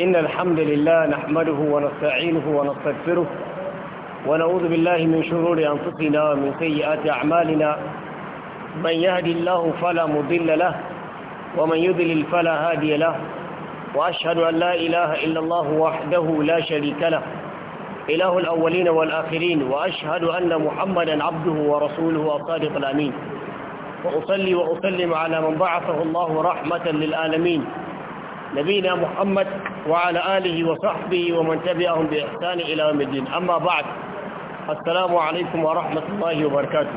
إن الحمد لله نحمده ونستعينه ونستغفره ونعوذ بالله من شرور أنفسنا ومن سيئات أعمالنا من يهد الله فلا مضل له ومن يضلل فلا هادي له وأشهد أن لا إله إلا الله وحده لا شريك له إله الأولين والآخرين وأشهد أن محمدا عبده ورسوله الصادق الأمين وأصلي وأسلم على من بعثه الله رحمة للعالمين نبينا محمد وعلى آله وصحبه ومن تبعهم بإحسان إلى يوم الدين أما بعد السلام عليكم ورحمة الله وبركاته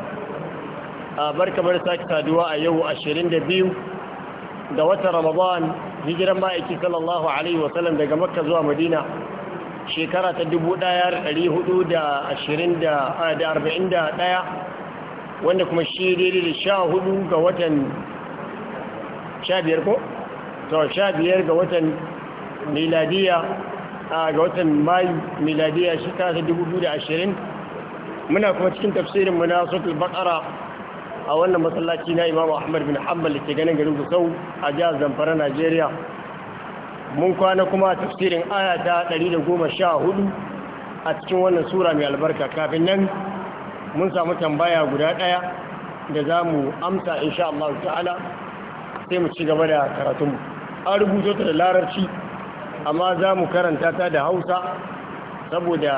بركة برساك تادواء يو أشيرين دبيو دوات رمضان هجرا ما إكي صلى الله عليه وسلم دقا مكة زوا مدينة شكرة الدبو داير لي هدود أشيرين دا آد أربعين دا داير وانكم الشيري للشاهدو دوات شابيركو شابير قوة miladiya a ga watan mayu miladiya shi ta 2020 muna kuma cikin tafsirin mu na bakara a wannan masallaci na Imam Ahmad bin da ke ganin garin Gusau a jihar Zamfara Najeriya mun kwana kuma tafsirin aya ta 114 a cikin wannan sura mai albarka kafin nan mun samu tambaya guda daya da za mu amsa insha Allah ta'ala sai mu ci gaba da karatunmu an rubuto ta da larabci amma za mu karanta ta da hausa saboda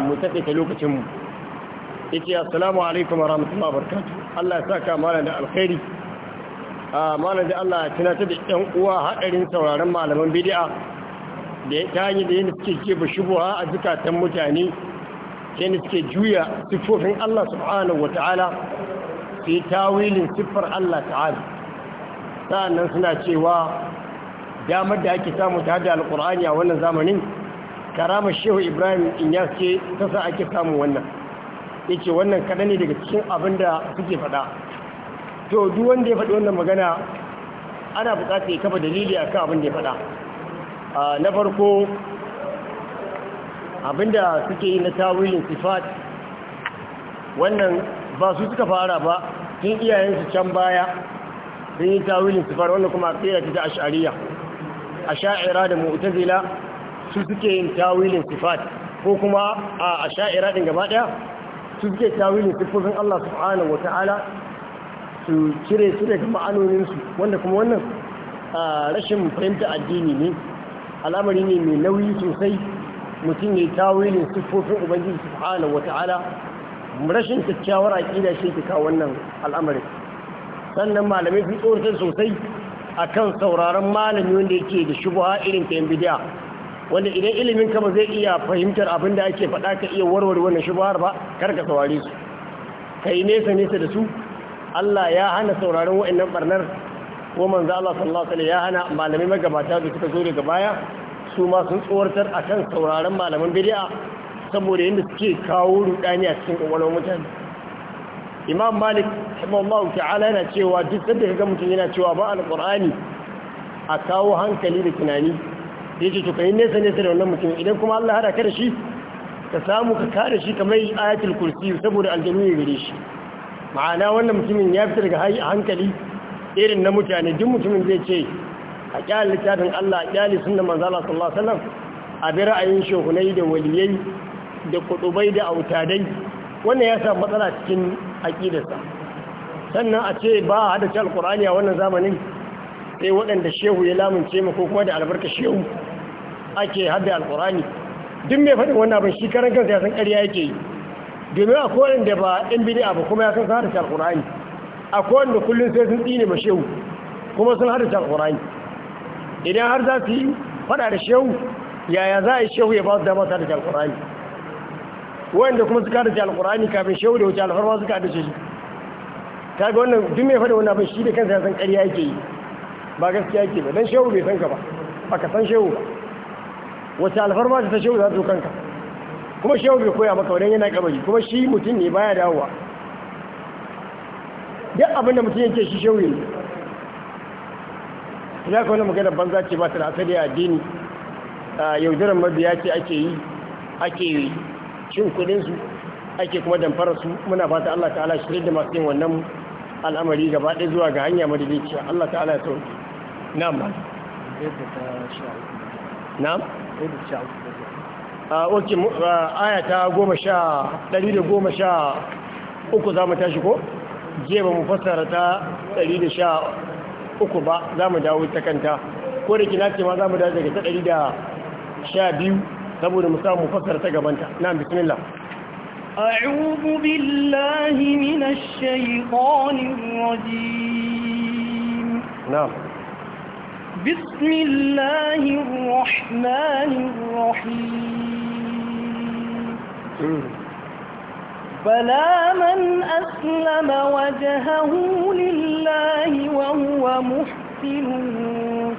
mu taƙaita lokacinmu yake assalamu alaikum wa rahmatullahi barkatu Allah ya saka mana da alkhairi mana da Allah ya tunatar da ɗan uwa haɗarin sauraron malaman bidi'a da ta hanyar da yadda suke jefa shubuha a zukatan mutane yadda suke juya siffofin Allah subhanahu wa ta'ala su yi tawilin siffar Allah ta'ala sa'annan suna cewa damar da ake samu ta hada alkur'ani a wannan zamanin karamar shehu ibrahim inyas ce ta sa ake samu wannan ya ce wannan kaɗan ne daga cikin abin da suke faɗa to duk wanda ya faɗi wannan magana ana buƙatar ya kafa dalili a kan abin da ya faɗa na farko abin da suke yi na tawilin sifat wannan ba su suka fara ba tun iyayensu can baya sun yi tawilin sifar wannan kuma a tsira ta ashariya asha'ira da mu'tazila su suke yin tawilin sifat ko kuma a asha'ira din gaba daya su suke tawilin sifofin Allah subhanahu wata'ala su cire su daga ma'anonin su wanda kuma wannan rashin fahimta addini ne al'amari ne mai nauyi sosai mutum ne tawilin sifofin ubangiji subhanahu wata'ala rashin kyakkyawar aƙida shi ke wannan al'amarin sannan malamai sun tsoratar sosai akan sauraron malami wanda yake da shubha irin ta bid'a wanda idan ilimin ka ba zai iya fahimtar abin da ake faɗa ka iya warware wannan shubhar ba kar ka saurare su kai nesa nesa da su Allah ya hana sauraron wa'annan barnar ko manzo Allah sallallahu alaihi ya hana malamai magabata da suka zo daga baya su ma sun tsoratar akan sauraron malaman bid'a saboda yadda suke kawo rudani a cikin kwakwalwar mutane imam malik rahimahullahu ta'ala yana cewa duk sanda kaga mutum yana cewa ba alqur'ani a kawo hankali da tunani yace to kai nesa nesa da wannan mutum idan kuma Allah hada ka da shi ka samu ka kare shi kamar ayatul kursi saboda aljanu ya gare shi ma'ana wannan mutumin ya fitar ga hankali irin na mutane duk mutumin zai ce a kyalin littafin Allah a kyalin sunna manzo Allah sallallahu alaihi wasallam a bi ra'ayin shehunai da waliyai da kudubai da autadai wannan ya sa matsala cikin aƙidarsa sannan a ce ba a hadace alkur'ani a wannan zamanin sai waɗanda shehu ya lamunce mu ko kuma da albarka shehu ake hada alkur'ani duk mai faɗin wannan abin shi karan kansa ya san ƙarya yake yi domin a kowane da ba ɗan bidi'a ba kuma ya san sun hadace a kowane da kullum sai sun tsine ma shehu kuma sun hada alkur'ani idan har za su yi faɗa da shehu yaya za a yi shehu ya ba su dama su hadace alkur'ani wanda kuma suka da alkurani kafin shehu da wuce alfarma suka da shi Ta ga wannan duk mai fada wannan abin shi da kansa ya san ƙarya yake yi ba gaskiya yake ba dan shehu bai san ka ba baka san shehu ba wace alfarma ta shehu za ta kanka kuma shehu bai koya maka wannan yana kabari kuma shi mutum ne baya dawowa duk abin da mutum yake shi shehu ne ya ka wani magana banza ce ba ta da asali a addini yaudaran mabiya ce ake yi ake yi cin kudinsu ake kuma damfara su muna fata Allah ta'ala shirin da masu yin wannan al'amari gaba ɗaya zuwa ga hanya madalicciya Allah ta'ala ya sauki na ba na a ah, oke ah, aya ta goma sha ɗari da goma sha uku za mu tashi ko je ba mu fassara ta ɗari da sha uku ba za mu dawo ta kanta ko da kina ce ma za mu dawo daga ta ɗari da sha biyu saboda mu samu fasara أنت نعم بسم الله أعوذ بالله من الشيطان الرجيم نعم بسم الله الرحمن الرحيم فلا من أسلم وجهه لله وهو محسن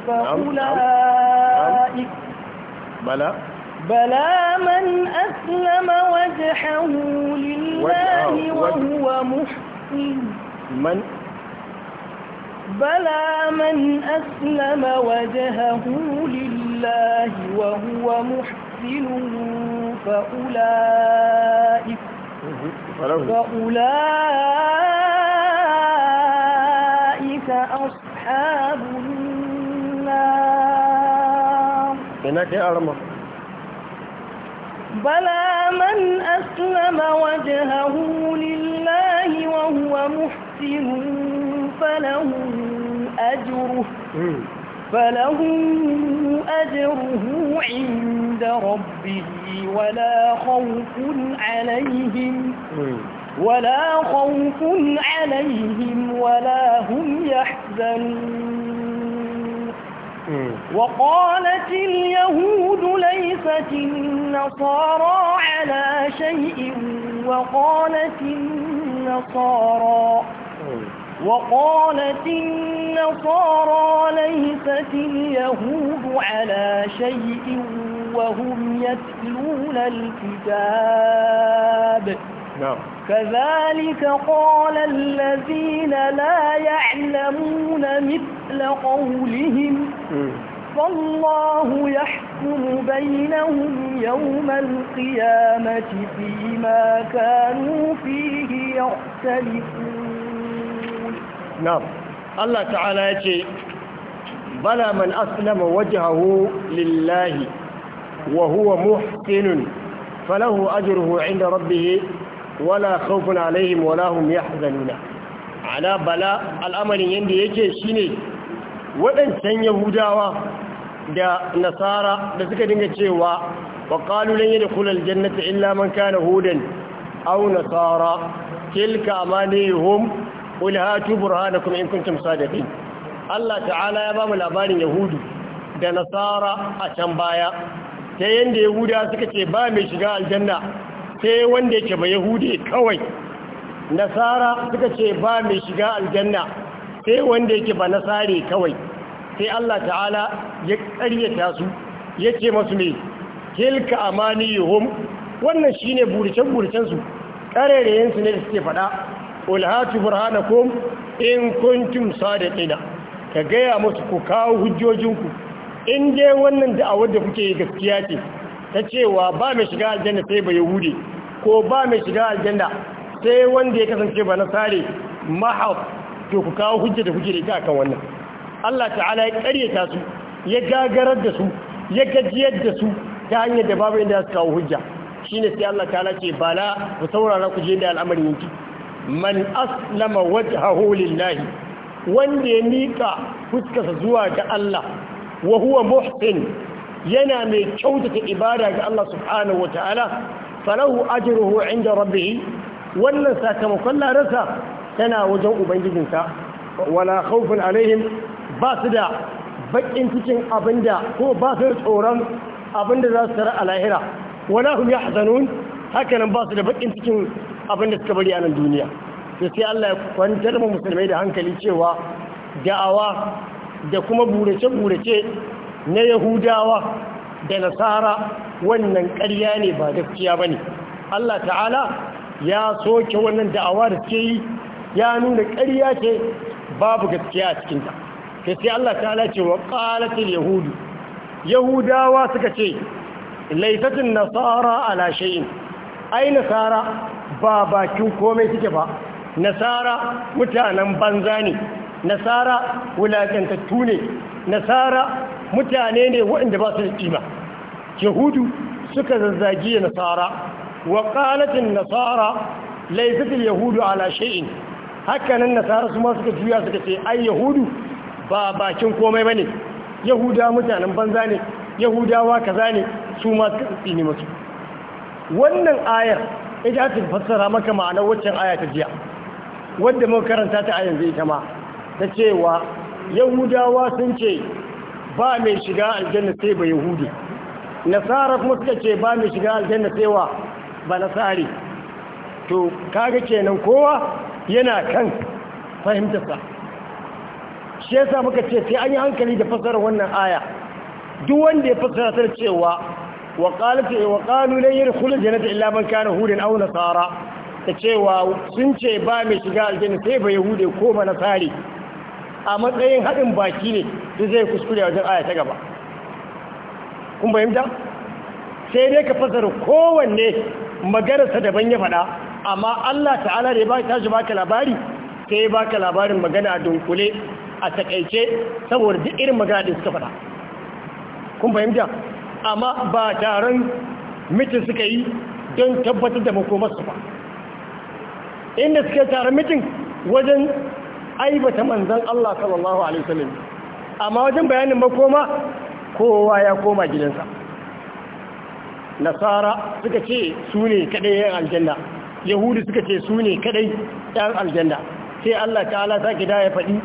فأولئك نعم. نعم. بلى بلى من أسلم وجهه لله وهو محسن من بلى من أسلم وجهه لله وهو محسن فأولئك فأولئك أصحاب النار هناك يا أرمى بلى من أسلم وجهه لله وهو محسن فله أجره فله أجره عند ربه ولا خوف عليهم ولا خوف عليهم ولا هم يحزنون وقالت اليهود ليست النصارى على شيء وقالت النصارى وقالت النصارى ليست اليهود على شيء وهم يتلون الكتاب نعم كذلك قال الذين لا يعلمون مثل قولهم فالله يحكم بينهم يوم القيامة فيما كانوا فيه يختلفون نعم الله تعالى يتي بلى من أسلم وجهه لله وهو محسن فله أجره عند ربه wala khawfun alaihim wala hum yahzanuna ana bala al'amarin yanda yake shine waɗancan yahudawa da nasara da suka dinga cewa wa qalu lan yadkhul aljannata illa man kana hudan aw nasara tilka amanihum qul hatu burhanakum in kuntum sadiqin Allah ta'ala ya bamu labarin yahudu da nasara a can baya ta yanda yahuda suka ce ba mai shiga aljanna sai wanda yake ba yahudi kawai nasara suka ce ba mai shiga aljanna sai wanda yake ba nasare kawai sai Allah ta'ala ya karyata su ya ce masu ne tilka amaniyuhum wannan shi ne buricen su ƙarerayen ne da suke faɗa ulhatu hatu burhanakum in kuntum ɗina? ka gaya musu ku kawo hujjojinku in dai wannan da'awar da kuke gaskiya ce ta cewa ba mai shiga aljanna sai ba yahudi ko ba mai shiga aljanna sai wanda ya kasance ba nasare mahaf to ku kawo hujja da kuke da ita akan wannan Allah ta'ala ya karyata su ya gagarar da su ya gajiyar da su ta hanyar da babu inda su kawo hujja shine sai Allah ta'ala ce bala ku saurara ku je da al'amarin yanki man aslama wajhahu lillahi wanda ya mika fuskarsa zuwa ga Allah wa huwa muhsin yana mai kyautata ibada ga Allah subhanahu wata'ala falahu ajruhu inda rabbihi wannan sakamakon larasa tana wajen ubangijinsa wala khawfun alaihim ba su da bakin cikin abinda ko ba su tsoron abinda za su tara a lahira wala hum yahzanun haka ba su da bakin cikin abinda suka bari a nan duniya sai sai Allah ya kwantar mu musulmai da hankali cewa da'awa da kuma burace-burace na yahudawa da nasara wannan ƙarya ne ba gaskiya ba ne allah ta'ala ya soke wannan da'awa da suke yi ya nuna ƙarya ce babu gaskiya a cikinta sai sai allah ta'ala ce wa ƙalatul yahudu yahudawa suka ce laifatin nasara ala shay'in ai nasara ba bakin komai suke ba nasara mutanen banza ne nasara wulaƙantattu ne nasara mutane ne waɗanda ba su da kima yahudu suka zazzagi nasara wa nasara laysat yahudu ala shay'in hakanan nasara su ma suka juya suka ce ai yahudu ba bakin komai bane yahuda mutanen banza ne yahudawa kaza ne su ma suka tsini masu. wannan ayar ita ta fassara maka ma'anar waccan aya ta jiya Wadda muka karanta ta a yanzu ita ma ta cewa yahudawa sun ce ba mai shiga aljanna sai ba yahudi nasara kuma suka ce ba mai shiga aljanna sai wa ba nasari to kaga kenan kowa yana kan fahimtarsa shi yasa muka ce sai an yi hankali da fasara wannan aya duk wanda ya fasara ta cewa wa qalat wa qalu la yadkhul aljannata illa man kana hudan aw nasara ta cewa sun ce ba mai shiga aljanna sai ba yahudi ko ba nasari a matsayin haɗin baki ne da zai kuskure wajen aya ta gaba kun fahimta sai dai ka fasara kowanne maganarsa daban ya faɗa amma Allah ta'ala da ya ji baka labari sai ya baka labarin magana a dunkule a takaice saboda duk irin magana da suka faɗa kun fahimta amma ba taron mitin suka yi don tabbatar da makomarsu ba inda suka taron mitin wajen aibata manzan Allah sallallahu alaihi wasallam amma wajen bayanin makoma kowa ya koma gidansa nasara suka ce su ne kadai yan aljanna yahudu suka ce su ne kadai yan aljanna sai Allah ta'ala ta gida ya faɗi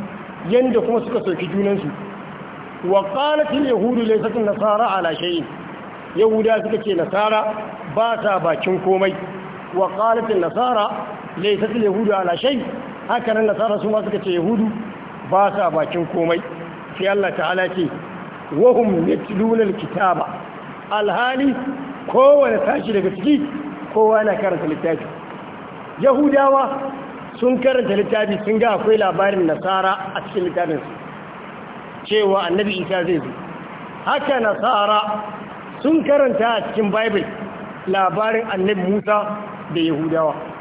yanda kuma suka soki junansu wa yahudu laysat nasara ala shay'in yahuda suka ce nasara ba ta bakin komai wa nasara laysat yahudu ala shay'in haka nan nasara su ma suka yahudu ba sa bakin komai sai Allah ta'ala ce wahum yatluna alkitaba alhali kowane tashi daga ciki kowa yana karanta littafi yahudawa sun karanta littafi sun ga akwai labarin nasara a cikin littafinsu cewa annabi isa zai zo haka nasara sun karanta a cikin bible labarin annabi musa da yahudawa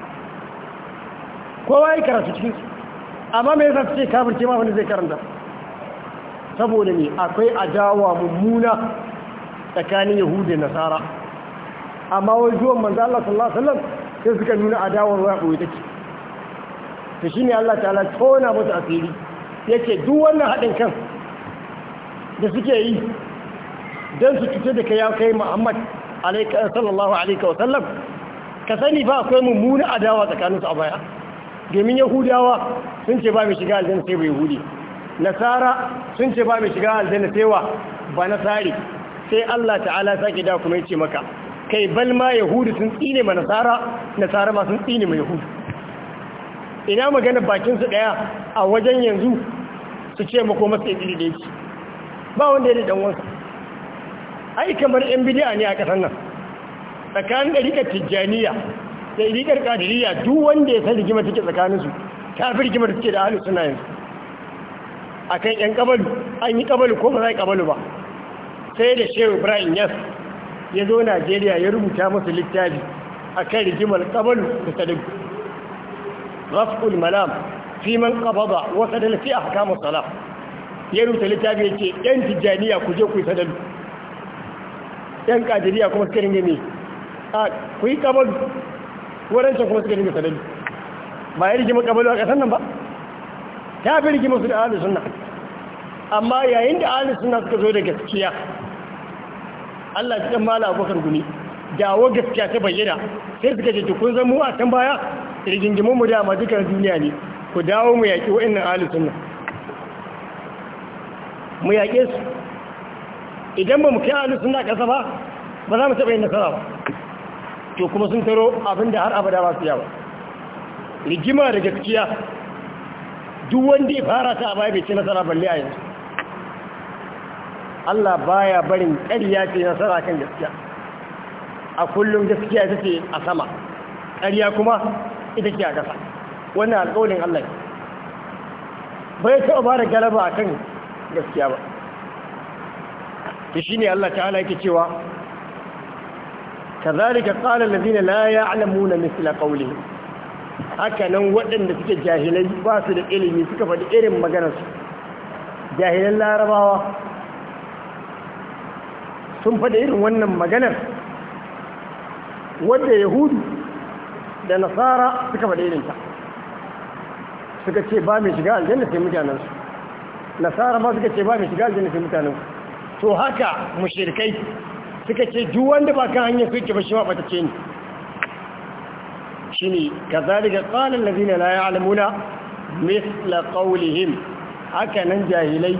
kowa ya karatu cikin su amma mai yasa ce kafirce ma wanda zai karanta saboda ne akwai adawa mummuna tsakanin yahudi nasara amma wai zuwan manzo Allah sallallahu alaihi wasallam sai suka nuna adawar wa koyi take shi ne Allah ta'ala tona musu asiri yace duk wannan haɗin kan da suke yi don su cuce da kai ya kai Muhammad alaihi sallallahu alaihi sallam ka sani fa akwai mummuna adawa su a baya domin yahudawa sun ce ba mai shiga aljanna sai ba yahudi nasara sun ce ba mai shiga aljanna sai wa ba nasari sai Allah ta'ala sake da kuma yace maka kai Balma ma yahudi sun tsine ma nasara nasara ma sun tsine ma yahudi ina magana bakin su daya a wajen yanzu su ce mako masa tsini da yake ba wanda ya dan wansa ai kamar yan bid'a ne a kasan nan tsakanin dariƙar tijjaniya da irigar kadiriya duk wanda ya san rigimar take tsakaninsu ta fi rigimar da take da ahalus suna yanzu a kan yan kabalu an yi kabalu ko ba za a yi kabalu ba sai da shehu ibrahim yas ya zo najeriya ya rubuta masu littafi a kan rigimar kabalu da sadiku rafkul malam fi man kababa wasa da lafi a hakamun sala. ya rubuta littafi ya ce yan tijjaniya ku je ku yi sadalu yan kadiriya kuma suka ringa ne a ku yi kabalu waɗancan kuma suka dinga sadari ba ya rigima kabalu a ƙasar nan ba ta fi rigima su da ahalin suna. amma yayin da ahalin suna suka zo da gaskiya Allah ya cikin mala abokan guni dawo gaskiya ta bayyana sai suka ce kun zan a can baya rigingimin mu dama duka duniya ne ku dawo mu yaƙi wa'annan ahalin suna. mu yaƙe su idan ba mu kai ahalin suna ƙasa ba ba za mu taɓa yin nasara ba to kuma sun taro abin da har abada ba su yawa rigima da gaskiya duk wanda ya fara ta a baya bai ci nasara balle a yanzu Allah baya barin ƙarya ce nasara kan gaskiya a kullum gaskiya take a sama ƙarya kuma ita ce a ƙasa wannan alƙawarin Allah bai taɓa ba da galaba a kan gaskiya ba ta shi ne Allah ta'ala yake cewa kazalika qala allazina la ya'lamuna misla qawlihim haka nan waɗanda suke jahilai ba su da ilimi suka faɗi irin maganar su jahilan larabawa sun faɗi irin wannan maganar wadda yahudu da nasara suka faɗi irinta suka ce ba mai shiga aljanna sai mutanensu nasara ba suka ce ba mai shiga aljanna sai mutanensu to haka mushirkai suka ce duk wanda ba kan hanyar kuke ba shi ma bata ce ni shine na qala na la ya'lamuna mithla qawlihim haka nan jahilai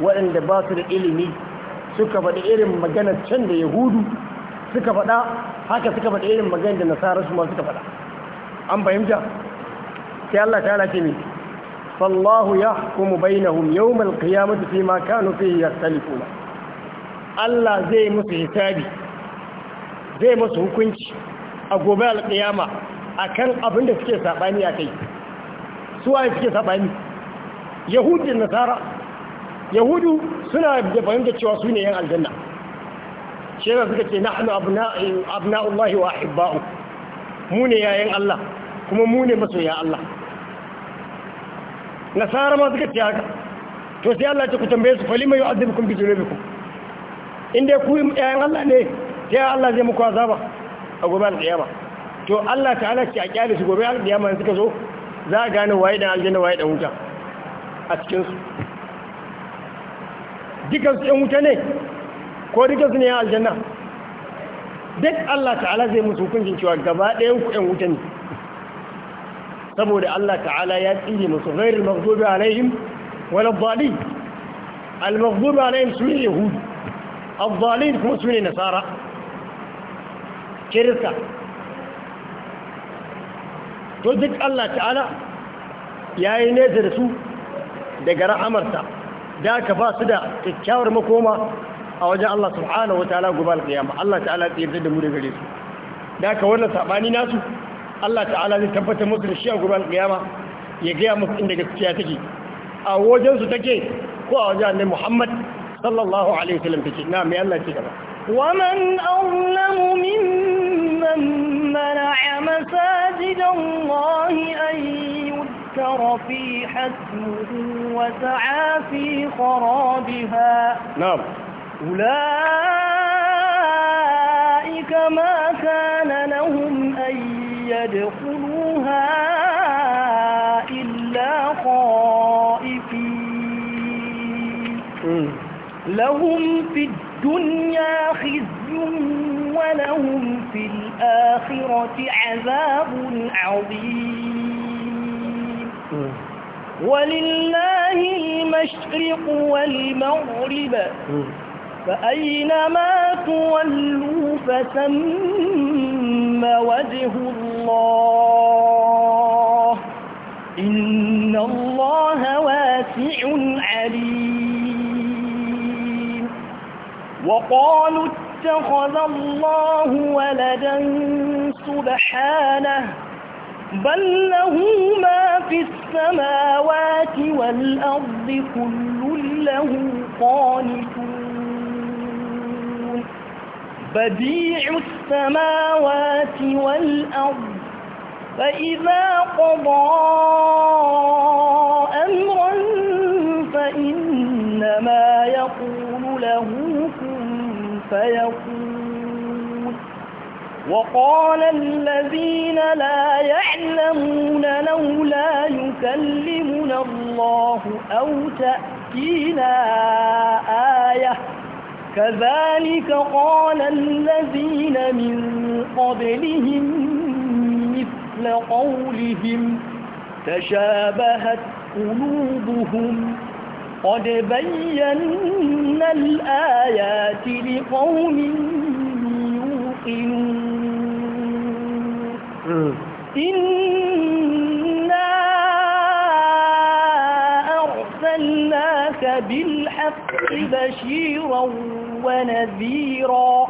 waɗanda ba su da ilimi suka faɗi irin maganar can da yahudu suka faɗa haka suka faɗi irin maganar da nasara su ma suka faɗa an fahimta sai Allah ta halace ne fallahu yahkumu bainahum yawmal qiyamati ma kanu fihi yahtalifuna Allah zai musu hisabi zai musu hukunci a gobe alƙiyama akan abin da suke sabani a kai suwaye suke sabani yahudin nasara yahudu suna da fahimta cewa su ne yan aljanna shi yana suka ce na na'anu abna'ullahi wa ahibba'u mu ne yayan Allah kuma mu ne masoya Allah nasara ma suka ce haka to sai Allah ce ku tambaye su falima azubukun bi dhunubikum in dai ku ɗayan Allah ne ta yi Allah zai muku azaba a gobe alƙiyama to Allah ta'ala ce a kyale su gobe alƙiyama in suka zo za a gane waye dan aljanna waye dan wuta a cikin su dukan su ɗan wuta ne ko dukan su ne a aljanna duk Allah ta'ala zai musu hukuncin cewa gaba ɗayan ku ɗan wuta ne saboda Allah ta'ala ya tsire musu ghairul maghdubi alaihim wal dhalin al maghdubi alaihim su ne yahudi al-zalim kuma su ne nasara kirka to duk Allah ta'ala yayi nesa da su daga rahamarta da aka ba su da kyakkyawar makoma a wajen Allah subhanahu wa ta'ala gobal qiyama Allah ta'ala zai yarda da mu da gare su da aka wannan sabani nasu Allah ta'ala zai tabbatar musu da shi a gobal qiyama ya gaya musu inda gaskiya take a wajen su take ko a wajen Muhammad صلى الله عليه وسلم في الجنة نعم يلا كده ومن أظلم ممن منع مساجد الله أن يذكر في حسنه وسعى في خرابها نعم أولئك ما كان لهم أن يدخلوها إلا خائفين لهم في الدنيا خزي ولهم في الآخرة عذاب عظيم ولله المشرق والمغرب فأينما تولوا فثم وجه الله إن الله واسع عليم وقالوا اتخذ الله ولدا سبحانه بل له ما في السماوات والأرض كل له قانتون بديع السماوات والأرض فإذا قضى أمرا فإنما يقول له كن فيقول وقال الذين لا يعلمون لولا يكلمنا الله أو تأتينا آية كذلك قال الذين من قبلهم مثل قولهم تشابهت قلوبهم قد بينا الآيات لقوم يوقنون إنا أرسلناك بالحق بشيرا ونذيرا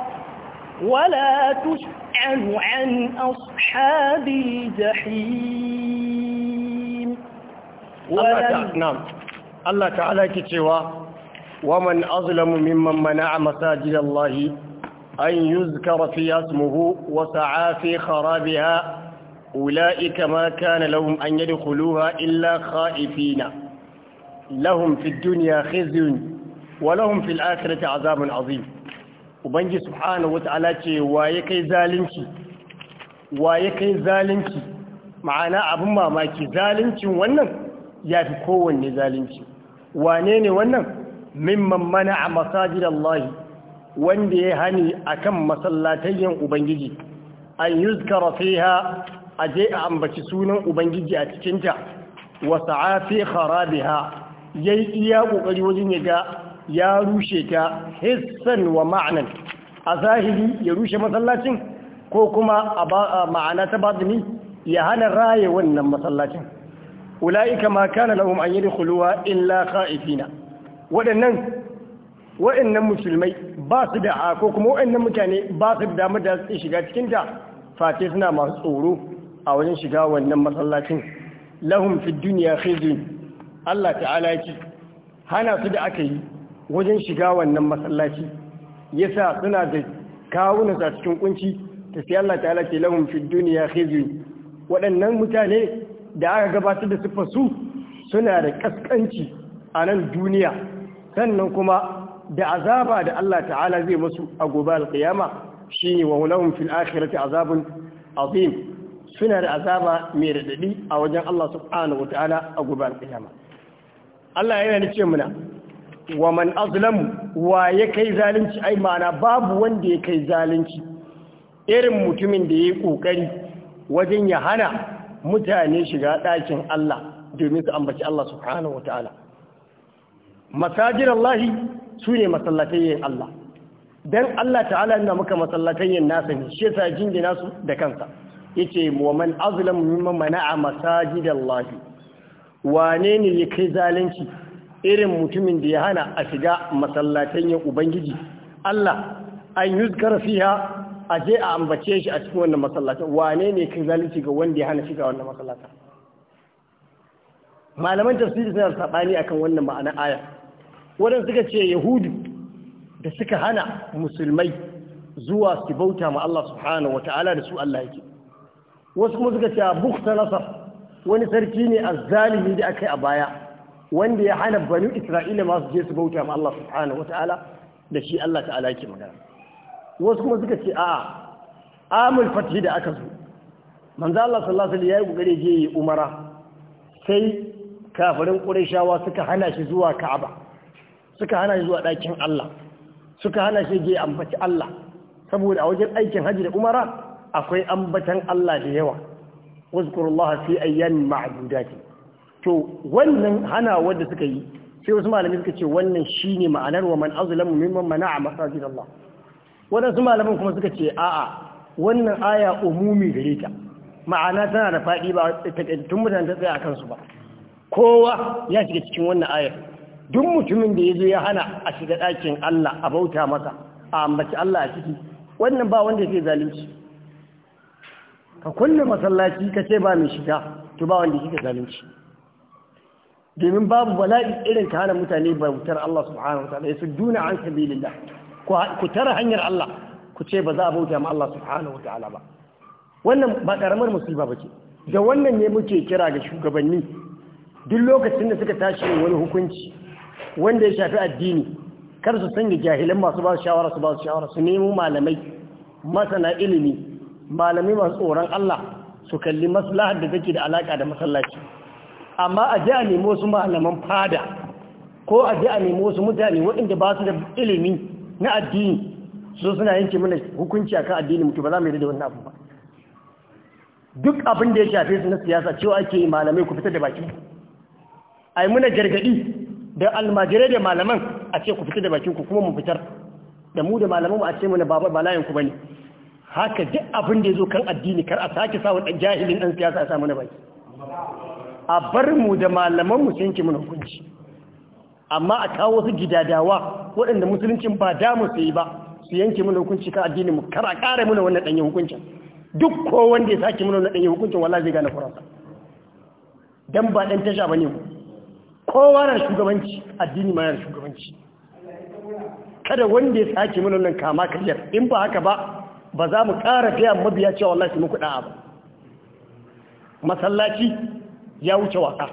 ولا تسأل عن أصحاب الجحيم نعم Allah ta'ala ke cewa waman azlamu mimman mana'a masajidallahi an yuzkara fi yasmuhu wa sa'a fi kharabiha أولئك ما كان لهم أن يدخلوها إلا خائفين لهم في الدنيا خزي ولهم في الآخرة عذاب عظيم وبنجي سبحانه وتعالى وايكي ذالنكي وايكي ذالنكي معنا أبو ماماكي ذالنكي يا يافي كون ذالنكي wane ne wannan mimman mana a masajidallahi wanda ya hani akan masallatayyan ubangiji an yuzkara fiha a je a ambaci sunan ubangiji a cikinta wa sa'afi kharabiha yayi iya ƙoƙari wajen ya ga ya rushe ta hissan wa ma'anan a zahiri ya rushe masallacin ko kuma a ma'ana ta batini ya hana raye wannan masallacin ula'ika ma kana lahum an yadkhuluha illa khaifina waɗannan waɗannan musulmai ba su da ko kuma waɗannan mutane ba su da damar da su shiga cikinta. Fati suna masu tsoro a wajen shiga wannan masallacin lahum fi dunya khizyun Allah ta'ala ya hana su da aka yi wajen shiga wannan masallaci yasa suna da kawunan sa cikin kunci ta sai Allah ta'ala ce lahum fi duniya khizyun waɗannan mutane da aka gabatar da siffar su suna da kaskanci a nan duniya sannan kuma da azaba da Allah ta'ala zai musu a gobe alkiyama shine wa hulahum fil akhirati azabun azim suna da azaba mai radadi a wajen Allah subhanahu ta'ala a gobe alkiyama Allah yana ce muna wa man azlamu wa ya kai zalunci ai ma'ana babu wanda ya kai zalunci irin mutumin da ya yi kokari wajen ya hana mutane shiga ɗakin Allah domin su ambaci Allah subhanahu wata'ala masajin Allah su ne masallatayyen Allah don Allah ta'ala yana muka masallatayyen nasa ne shi yasa jingina su da kansa yace wa man azlam mimman mana'a masajid Allah wane ne ya kai zalunci irin mutumin da ya hana a shiga masallatayyen ubangiji Allah an yuzkar fiha a je a ambace shi a cikin wannan masallacin wane ne kai zalunci ga wanda ya hana shiga wannan masallacin malaman tafsiri suna sabani akan wannan ma'ana aya wannan suka ce yahudu da suka hana musulmai zuwa su bauta ma Allah subhanahu wata'ala da su Allah yake wasu kuma suka ce bukta nasar wani sarki ne azzalimi da akai a baya wanda ya hana banu isra'ila masu je su bauta ma Allah subhanahu wata'ala da shi Allah ta'ala yake magana wasu kuma suka ce a'a amul fathi da aka zo manzo Allah sallallahu alaihi wasallam yayi kokari je yi umara sai kafirin qurayshawa suka hana shi zuwa Ka'aba suka hana shi zuwa dakin Allah suka hana shi je ambaci Allah saboda a wajen aikin haji da umara akwai ambatan Allah da yawa wazkurullaha fi ayyan ma'dudati to wannan hana wanda suka yi sai wasu malami suka ce wannan shine ma'anar wa man azlamu mimman mana'a masajidallah waɗansu malaman kuma suka ce a'a wannan aya umumi gare ta ma'ana tana da faɗi ba tun mutane ta tsaya a kansu ba kowa ya shiga cikin wannan ayar duk mutumin da ya zo ya hana a shiga ɗakin Allah a bauta masa a ambaci Allah a ciki wannan ba wanda ke zalunci ka kulle masallaci ka ce ba mai shiga to ba wanda ke zalunci domin babu bala'i irin ka hana mutane bautar Allah subhanahu wa ta'ala duna an sabilillah ku tara hanyar Allah ku ce ba za a bauta ma Allah subhanahu wataala ba wannan ba karamar musiba bace da wannan ne muke kira ga shugabanni duk lokacin da suka tashi wani hukunci wanda ya shafi addini kar su sanya jahilan masu ba su shawara su ba su shawara su nemo malamai masana ilimi malamai masu tsoron Allah su kalli maslahar da take da alaka da masallaci amma a ji a nemo su malaman fada ko a ji a nemo su mutane waɗanda ba su da ilimi na addini su suna yanke mana hukunci akan addini mutu ba za mu yi da wannan abu ba duk abin da ya shafe su na siyasa cewa ake yi malamai ku fitar da baki ai muna gargadi da almajirai da malaman a ce ku fitar da bakin ku kuma mu fitar da mu da malaman mu a ce mana baba balayan ku bane haka duk abin da yazo kan addini kar a sake sa wani jahilin dan siyasa a sa mana baki a bar mu da malaman mu sun ki mana hukunci amma a kawo su gidadawa waɗanda musuluncin ba damu su yi ba su yanke mana hukunci kan addinin mu kar a ƙara mana wannan ɗanyen hukuncin duk ko wanda ya sake mana wannan ɗanyen hukuncin wala zai gane kurasa dan ba ɗan tasha bane mu kowa na shugabanci addini ma yana shugabanci kada wanda ya sake mana wannan kama karyar in ba haka ba ba za mu ƙara gaya mabiya cewa wallahi muku ɗa'a ba masallaci ya wuce wasa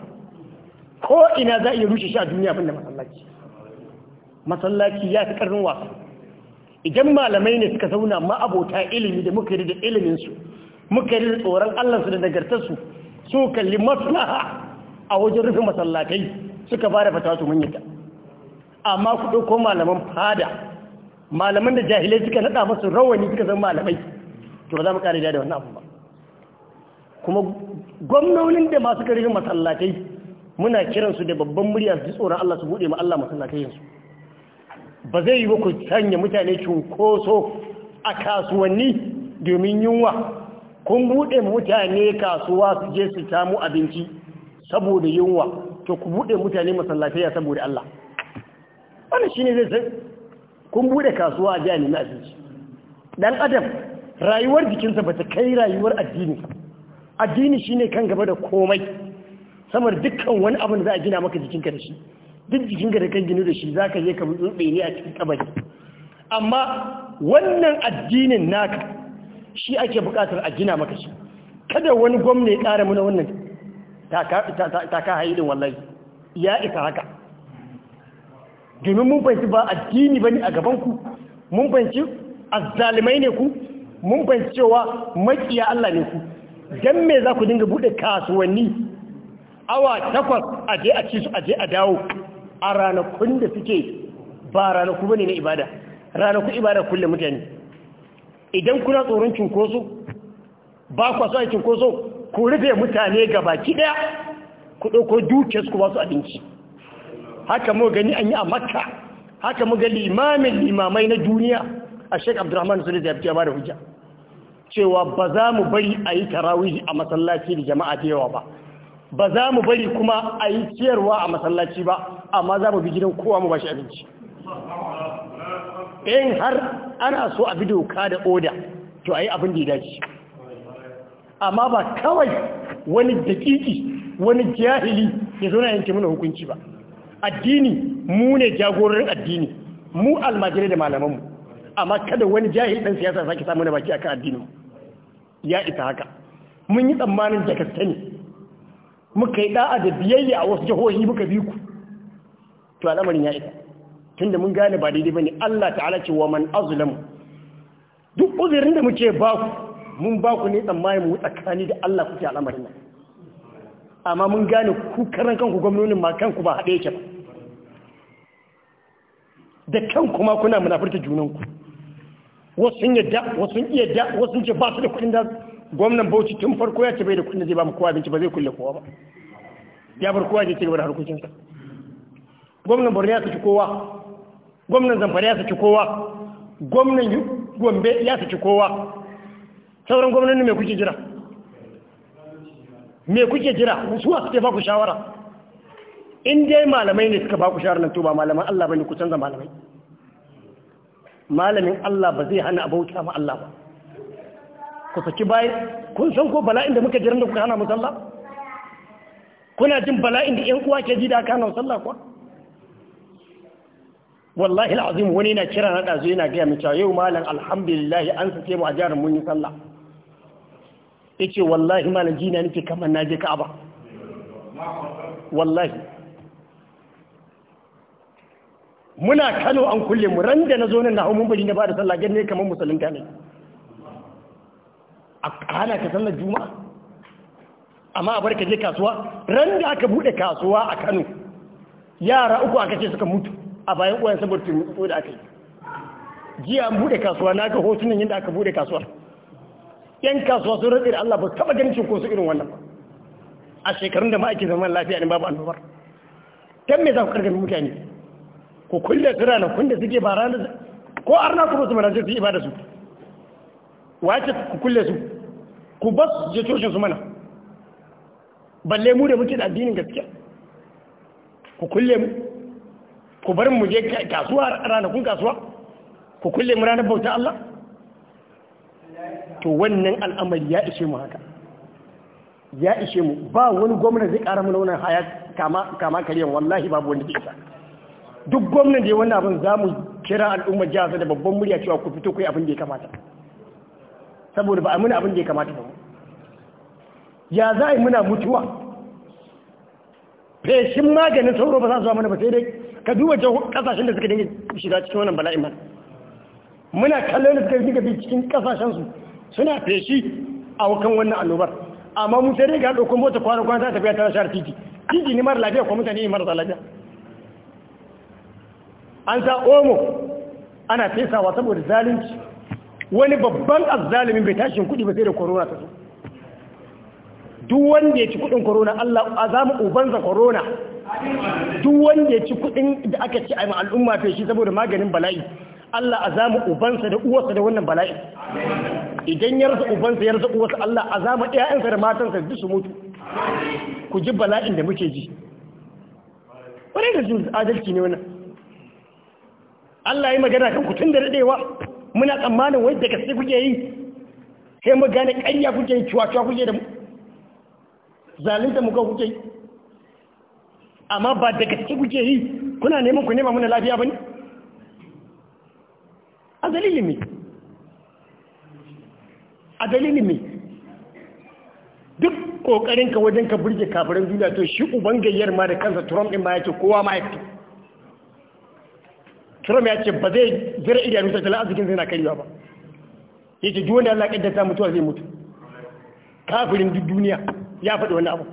ko ina za a iya rushe shi a duniya abinda masallaci masallaci ya fi ƙarfin wasa idan malamai ne suka zauna abota, ilimi da muka yi da iliminsu muka yi da tsoron allansu da nagartarsu su kalli maslaha a wajen rufe masallatai suka ba da fata su munyata amma ku ɗauko malaman fada malaman da jahilai suka naɗa masu rawani suka zama malamai to ba za mu ƙari da wannan abu ba kuma gwamnonin da masu karfin masallatai muna kiransu da babban murya su ji tsoron Allah su buɗe ma Allah masallatai yansu ba zai yi ba ku sanya mutane cunkoso a kasuwanni domin yunwa kun buɗe mutane kasuwa su je su samu abinci saboda yunwa to ku buɗe mutane masallatai saboda Allah Wani shi ne zai san kun buɗe kasuwa a nemi abinci dan adam rayuwar jikinsa ba ta kai rayuwar addini addini shi ne kan gaba da komai samar dukkan wani abin da za a gina maka jikinka da shi duk jikin ga da kan gini da shi za ka je ka tsuntsu ne a cikin kabari amma wannan addinin naka shi ake bukatar a gina maka shi kada wani gwamna ya ƙara muna wannan taka haidin wallahi ya isa haka domin mun fahimci ba addini ba ne a gabanku mun fahimci azzalimai ne ku mun fahimci cewa makiya Allah ne ku don me za ku dinga buɗe kasuwanni awa takwas aje a ci su aje a dawo a ranakun da suke ba ranaku bane na ibada ranaku ibada kulle mutane idan kuna tsoron cinkoso ba kwa sa cinkoso ku rufe mutane gabaki daya ku ɗauko dukiyarsu ku ba su abinci haka mu gani an yi a makka haka mu ga limamin limamai na duniya a sheikh abdurrahman sulu da ya da hujja cewa ba za mu bari a yi tarawihi a masallaci da jama'a da yawa ba ba za mu bari kuma a yi ciyarwa a masallaci ba amma za mu bi gidan kowa mu ba abinci in har ana so a bi doka da oda to a yi abin da ya dace amma ba kawai wani daƙiƙi wani jahili ya zo na yanke mana hukunci ba addini mu ne jagororin addini mu almajirai da malamanmu amma kada wani jahili ɗan siyasa sake samu da baki akan addinin ya isa haka mun yi tsammanin jakatta ne muka yi da'a da biyayya a wasu jihohi muka bi ku to al'amarin ya isa tunda mun gane ba daidai bane Allah ta'ala ce wa man azlamu duk uzurin da muke ba ku mun ba ku ne tsammanin mu tsakani da Allah kuke al'amarin nan amma mun gane ku karan kanku gwamnonin ma kanku ba haɗe yake ba da kanku ma kuna munafurta junanku wasu sun yadda wasu yadda wasu sun ce ba su da kuɗin da gwamnan Bauchi tun farko ya ce bai da kuɗin da zai ba mu kowa abinci ba zai kulle kowa ba ya bar kowa ya ce gaba da harkokinsa gwamnan borno ya saki kowa gwamnan zamfara ya saki kowa gwamnan gombe ya saki kowa sauran gwamnani mai kuke jira mai kuke jira su wasu ba ku shawara in dai malamai ne suka ba ku shawara nan to ba malaman Allah ne ku canza malamai malamin Allah ba zai hana abauta ma Allah ba ku saki bayi kun san ko bala'in da muka jiran da kuka hana musalla? kuna jin bala'in da yan uwa ke ji da aka hana musalla kuwa wallahi alazim wani na kira na dazu yana gaya min cewa yau malam alhamdulillah an sace mu a jihar mun yi sallah yace wallahi malam jina nake kamar na je Ka'aba wallahi muna Kano an kulle mu ran da nazo nan na hau mun bari na bada sallah ganne kamar musulunta ne a hana ka sallar juma'a amma a bar ka je kasuwa ran da aka bude kasuwa a Kano yara uku aka ce suka mutu a bayan uwan saboda turmutsu da aka yi jiya an bude kasuwa na ga hotunan yadda aka bude kasuwar yan kasuwa sun rantsi da Allah ba taba ganin cin cinkoso irin wannan a shekarun da ma ake zaman lafiya ne babu annobar dan me za ku kargan mutane ko kulle tsira na kun da suke ba ranar ko arna kuma su mana su ibada su wace ku kulle su ku bas je cocin su mana balle mu da muke da addinin gaskiya ku kulle mu ku bar mu je kasuwa ranakun kasuwa ku kulle mu ranar bauta Allah to wannan al'amari ya ishe mu haka ya ishe mu ba wani gwamnati zai ƙara mu wannan haya kama kama kariyan wallahi babu wani kisa duk gwamnati da ya wannan abin za mu kira al'umma jihar da babban murya cewa ku fito kai abin da ya kamata saboda ba a muna abin da ya kamata ba ya za a yi muna mutuwa feshin maganin sauro ba za su mana ba sai dai ka duba kasashen da suka dinga shiga cikin wannan bala'in ba muna kallon da suka dinga bi cikin kasashen su suna feshi a wakan wannan annobar amma mun sai ga ɗauko mota kwana kwana ta tafiya ta shar titi titi ne mara lafiya ko mutane ne mara lafiya an sa omo ana fesawa saboda zalunci wani babban azzalimin bai tashin kuɗi ba sai da corona ta zo duk wanda ya ci kuɗin corona Allah a azamu ubanza corona duk wanda ya ci kudin da aka ci a yi al'umma shi saboda maganin bala'i Allah a zama ubansa da uwarsa da wannan bala'i idan ya rasa ubansa ya rasa uwarsa Allah a zama da matansa duk su mutu ku ji bala'in da muke ji wani da jin adalci ne wannan Allah ya yi magana kan ku da daɗewa muna tsammanin wai da gaske kuke yi sai mu gane ƙarya kuke yi cuwa-cuwa kuke da mu zalinta mu kuke yi amma ba daga cikin kuke yi kuna neman ku nema muna lafiya ba ne? a dalilin mai a dalilin mai duk ƙoƙarinka wajen ka burge kafirin duniya to shi uban gayyar ma da kansa trump ɗin ba ya ce kowa ma ya fito trump ya ce ba zai zira rusa tattalin arzikin zai na karewa ba ya ce duwanda allah ƙaddata mutuwa zai mutu kafirin duk duniya ya faɗi wani abu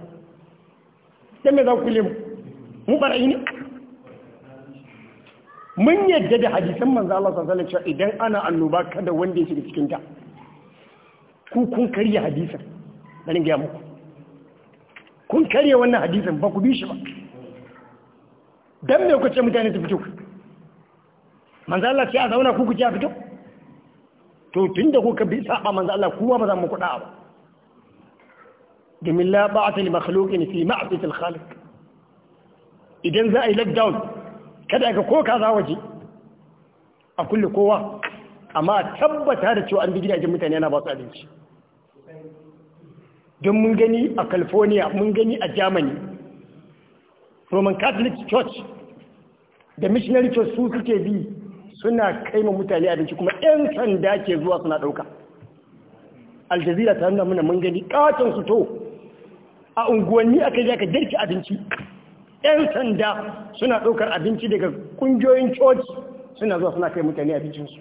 don me za ku kulle mu mu barayi ne mun yadda da hadisan manzo Allah sallallahu alaihi wasallam idan ana annoba kada wanda ya shiga cikin ta ku kun karya hadisan bari ga muku kun karya wannan hadisan ba ku bi shi ba dan me ku ce mutane su fito manzo Allah sai a zauna ku ku ce a fito to tunda ka bi saba manzo Allah kuwa ba za mu kuɗa ba domin la ba'ata li makhluqin fi ma'siyati al-khaliq idan za a yi lockdown kada ka koka za waje a kulle kowa amma tabbata da cewa an bi gidajen mutane yana ba su abinci don mun gani a california mun gani a germany roman catholic church da missionary church su suke bi suna kaima mutane abinci kuma 'yan sanda ke zuwa suna ɗauka aljazeera ta nuna muna mun gani katon su to a unguwanni aka yi aka girki abinci 'yan sanda suna ɗaukar abinci daga ƙungiyoyin coci suna zuwa suna kai mutane abincinsu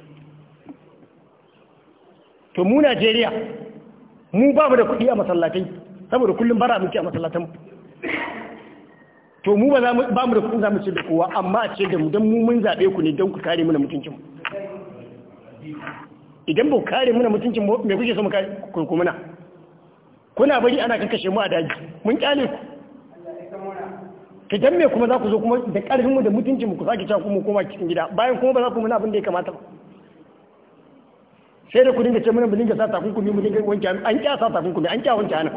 to mu najeriya mu ba mu da kuɗi a masallatai saboda kullum bara muke a masallatan to mu ba mu da kuɗin za mu ce da kowa amma a ce da mu don mu mun zaɓe ku ne don ku kare muna mutuncinmu idan ba ku kare muna mutuncin mai kuke so mu kare ku kuna bari ana kankashe mu a daji mun kyale ku fitan me kuma za ku zo kuma da ƙarfin mu da mutuncin mu ku sake cewa kuma koma cikin gida bayan kuma ba za ku muna abin da ya kamata ba sai da ku dinga ce muna mu dinga sa takunkumi mu dinga wanke an kyasa takunkumi an kya wanke hana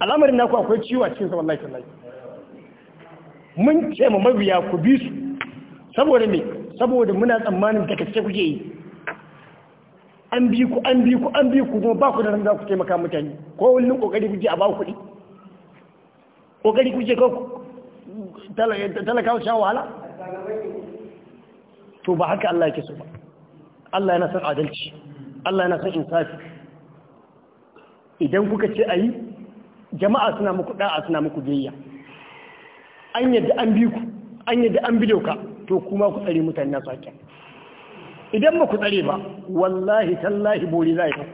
al'amarin naku akwai ciwo a cikin sabon laifin laifin mun ce ma mabiya ku bi su saboda me saboda muna tsammanin da kace kuke yi an bi ku an bi ku an bi ku kuma ba ku da ran za ku taimaka mutane ko wani kokari kuke a ba ku kuɗi kokari kuke ko talakawa sha wahala to ba haka Allah yake so ba Allah yana san adalci Allah yana san insafi idan kuka ce ayi jama'a suna muku da'a suna muku biyayya an yadda an bi ku an yadda an bi doka to kuma ku tsare mutane na sake idan ba ku tsare ba wallahi tallahi bori za ka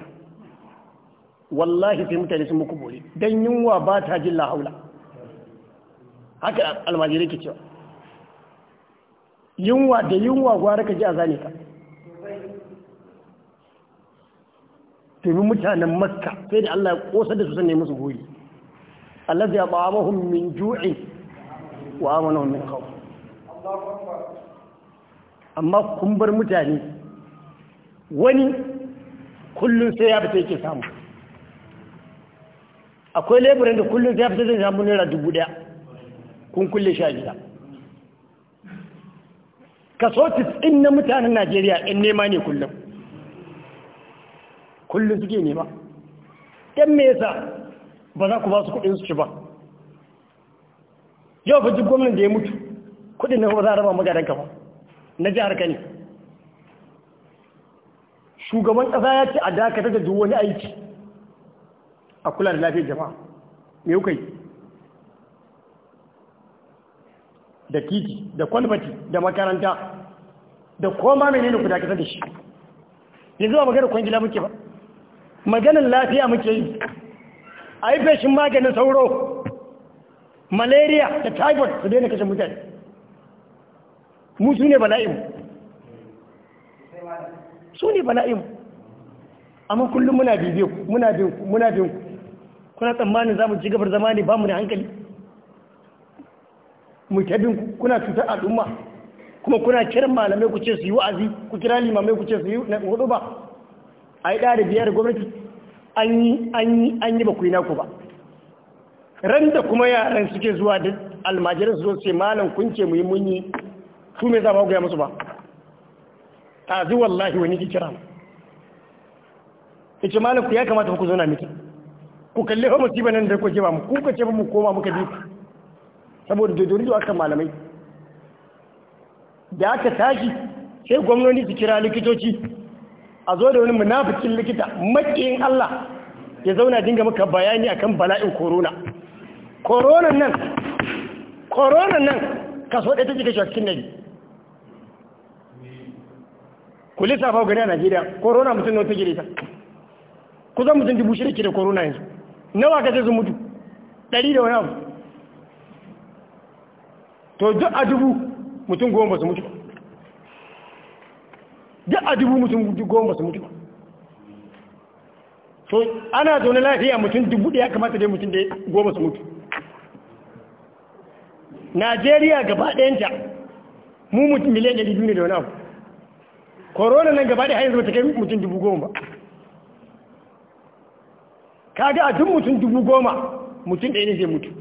wallahi sai mutane sun muku bori dan yunwa ba ta jin la haula haka almajirai ke cewa yunwa da yunwa gwara ka ji a zane ka domin mutanen makka sai da Allah ya kosar da su sanne musu goyi Allah zai ba mahun min ju'i wa amanahun min kawo amma kun bar mutane wani kullum sai ya fita yake samu akwai leburan da kullum sai ya fita zai samu naira dubu daya kun kulle sha a kaso 90 na mutanen najeriya in nema ne kullum kullum suke nema ɗan me yasa ba za ku ba su kudin su ci ba yau ji gwamnan da ya mutu kudin na ba za a raba magadan ba na jihar ka shugaban ƙasa ya ce a dakatar da duk wani aiki a kula da lafiyar jama'a me kuka yi da titi da kwalbati da makaranta da koma mai nuna kudaki kasa da shi ya zuwa maganar kwangila muke ba maganar lafiya muke yi a yi feshin maganin sauro malaria da typhoid su daina kashe mutane mu su ne bala'in su ne bala'in amma kullum muna biyu muna biyu muna biyu kuna tsammanin za mu ci gabar zama ne ba mu da hankali Mutabin kuna cutar al'umma kuma kuna kiran malamai ku ce su yi wa'azi ku kira limamai ku ce su yi hudu ba a yi ɗari biyar gwamnati an yi an yi an yi ba ku yi naku ba ran da kuma yaran suke zuwa da almajirin su sai ce malam kun ce mu yi mun yi su me za guya goya musu ba a zu wallahi wani ki kira mu ce malam ku ya kamata ku zo na miki ku kalli fa musiba nan da kuke ba mu ku ka ce mu koma muka bi ku saboda dodorido akan malamai da aka tashi sai gwamnoni su kira likitoci a zo da wani munafikin likita makiyin Allah ya zauna dinga maka bayani akan bala'in korona. Koronan nan koronan nan kaso ɗaya ta jika cikin nari ku lissafa gani a Najeriya korona mutum nan ta gire ta kusan mutum dubu shida ke da korona yanzu nawa ka zai zumutu ɗari da wani abu to duk a dubu mutum goma ba su mutu ba duk a dubu mutum goma ba su mutu to ana zaune lafiya mutum dubu da ya kamata dai mutum da goma su mutu najeriya gaba ɗayanta mu mutum miliyan ɗari biyu ne da wani abu korona nan gaba ɗaya hanyar zuwa ta kai mutum dubu goma ba kaga a duk mutum dubu goma mutum ɗaya ne zai mutu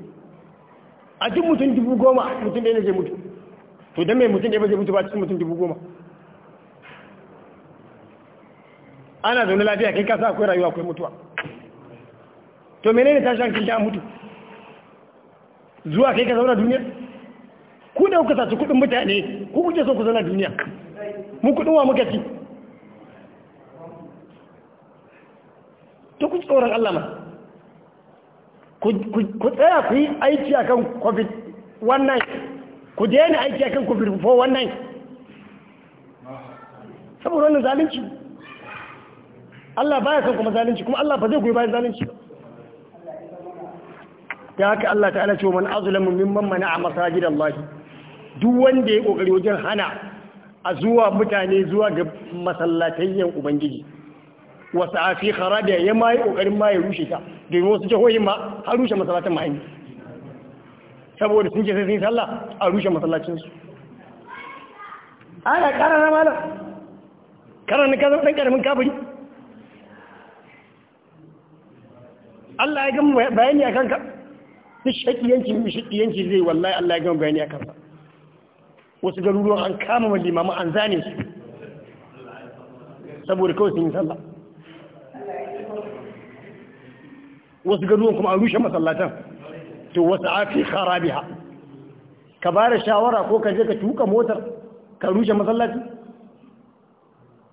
a duk mutum dubu goma mutum ɗaya ne zai mutu to don mai mutum ɗaya ba zai mutu ba cikin mutum dubu goma ana zaune lafiya kai kasa akwai rayuwa akwai mutuwa to menene tashi hankali da mutu zuwa kai ka zauna duniya ku da kuka saci kudin mutane ku kuke so ku zauna duniya mu kudin wa muka ci to ku tsoron Allah ma ku tsaya ku yi aiki akan covid 19 ku daina aiki akan covid 19 saboda wannan zalunci Allah baya son kuma zalunci kuma Allah ba zai goyi bayan zalunci ba ta haka Allah ta'ala ce man azlamu mimman mana'a masajid Allah duk wanda ya kokari wajen hana a zuwa mutane zuwa ga masallatayyan ubangiji wasu a fi kara da ya maye ƙoƙarin maye ya rushe ta domin wasu jihohin ma har rushe masallacin ma'ayi saboda sun ce sai sun yi sallah a rushe masallacinsu ana na malam ƙara na zama ɗan ƙaramin kafiri Allah ya gama bayani a kanka duk shaƙiyanci shaƙiyanci zai wallahi Allah ya gama bayani a kanka wasu garuruwan an kama limaman an zane su saboda kawai sun yi sallah wasu garuwan kuma a rushe masallatan to wasu afi harabiha ka ba da shawara ko ka je ka tuka motar ka rushe masallaci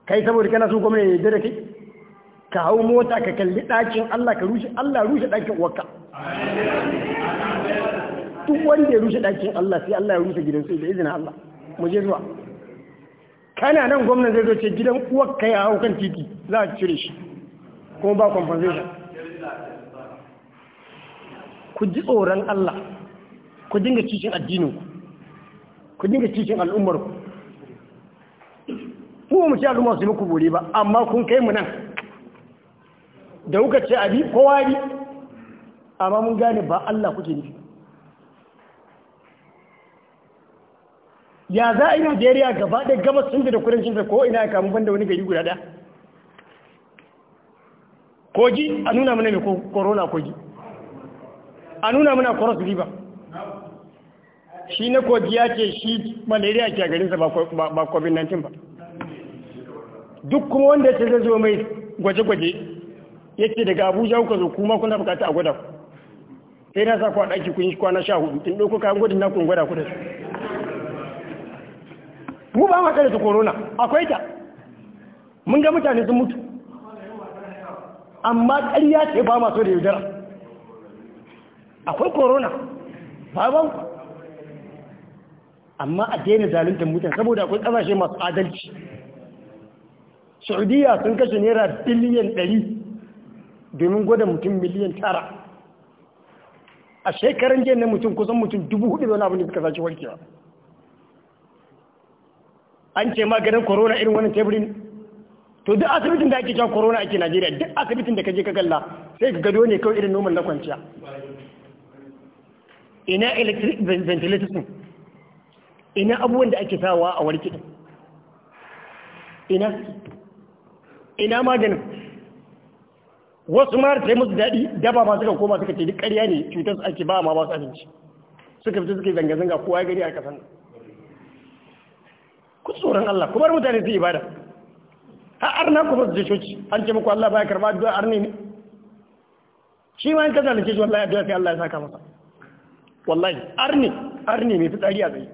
kai saboda kana so gwamnati ya dare kai ka hau mota ka kalli ɗakin Allah ka rushe Allah rushe ɗakin waka. duk wanda ya rushe ɗakin Allah sai Allah ya rushe gidan su, da izinin Allah mu je zuwa kana nan gwamnati zai zo ce gidan uwarka ya hau kan titi za a cire shi kuma ba compensation ku ji tsoron Allah ku dinga cikin addininku ku dinga cikin al'ummarku kuma mu ci al'umma su muku bore ba amma kun kai mu nan da kuka ce abi kowa yi, amma mun gane ba Allah kuke nufi ya za a yi Najeriya gaba ɗaya gabas sun da kudancin da ko ina ya kamu banda wani gari guda ɗaya kogi a nuna mana mai korona kogi a nuna muna cross river shi na kogiya ce shi malaria ke a garinsa ba covid-19 ba duk kuma wanda ce zai zo mai gwaje-gwaje yake daga abuja kuka zo kuma kuna bukata a gwada sai na sa ku a ɗaki kwana sha hudu in ɗauko kayan gudun na kun gwada ku da su mu ba ma kare su corona akwai ta mun ga mutane sun mutu amma ƙarya ce ba ma so da yaudara akwai corona baban amma a daina zaluntar mutane saboda akwai kasashe masu adalci saudiya sun kashe naira biliyan 100 domin gwada mutum miliyan 9 a shekaran jiya na mutum kusan mutum dubu da wani abin da suka sace warkewa an ce maganin corona irin wani teburin to duk asibitin da ake cewa corona ake najeriya duk asibitin da ka je ka kalla sai ka gado ne kawai irin noman na kwanciya ina electric ventilator sun ina abubuwan da ake sawa a warki din ina ina maganin wasu mara sai musu daɗi daba masu kan koma suka ce duk ƙarya ne cutar su ake ba ma ba su abinci suka fito suka yi zanga-zanga kowa gari a kasan ku tsoron Allah kuma mutane su ibada har arna ku fasa coci an ce muku Allah baya karba addu'a arne ne shi ma in ka zalunce shi wallahi addu'a sai Allah ya saka masa wallahi arni arni mai fitsari a tsaye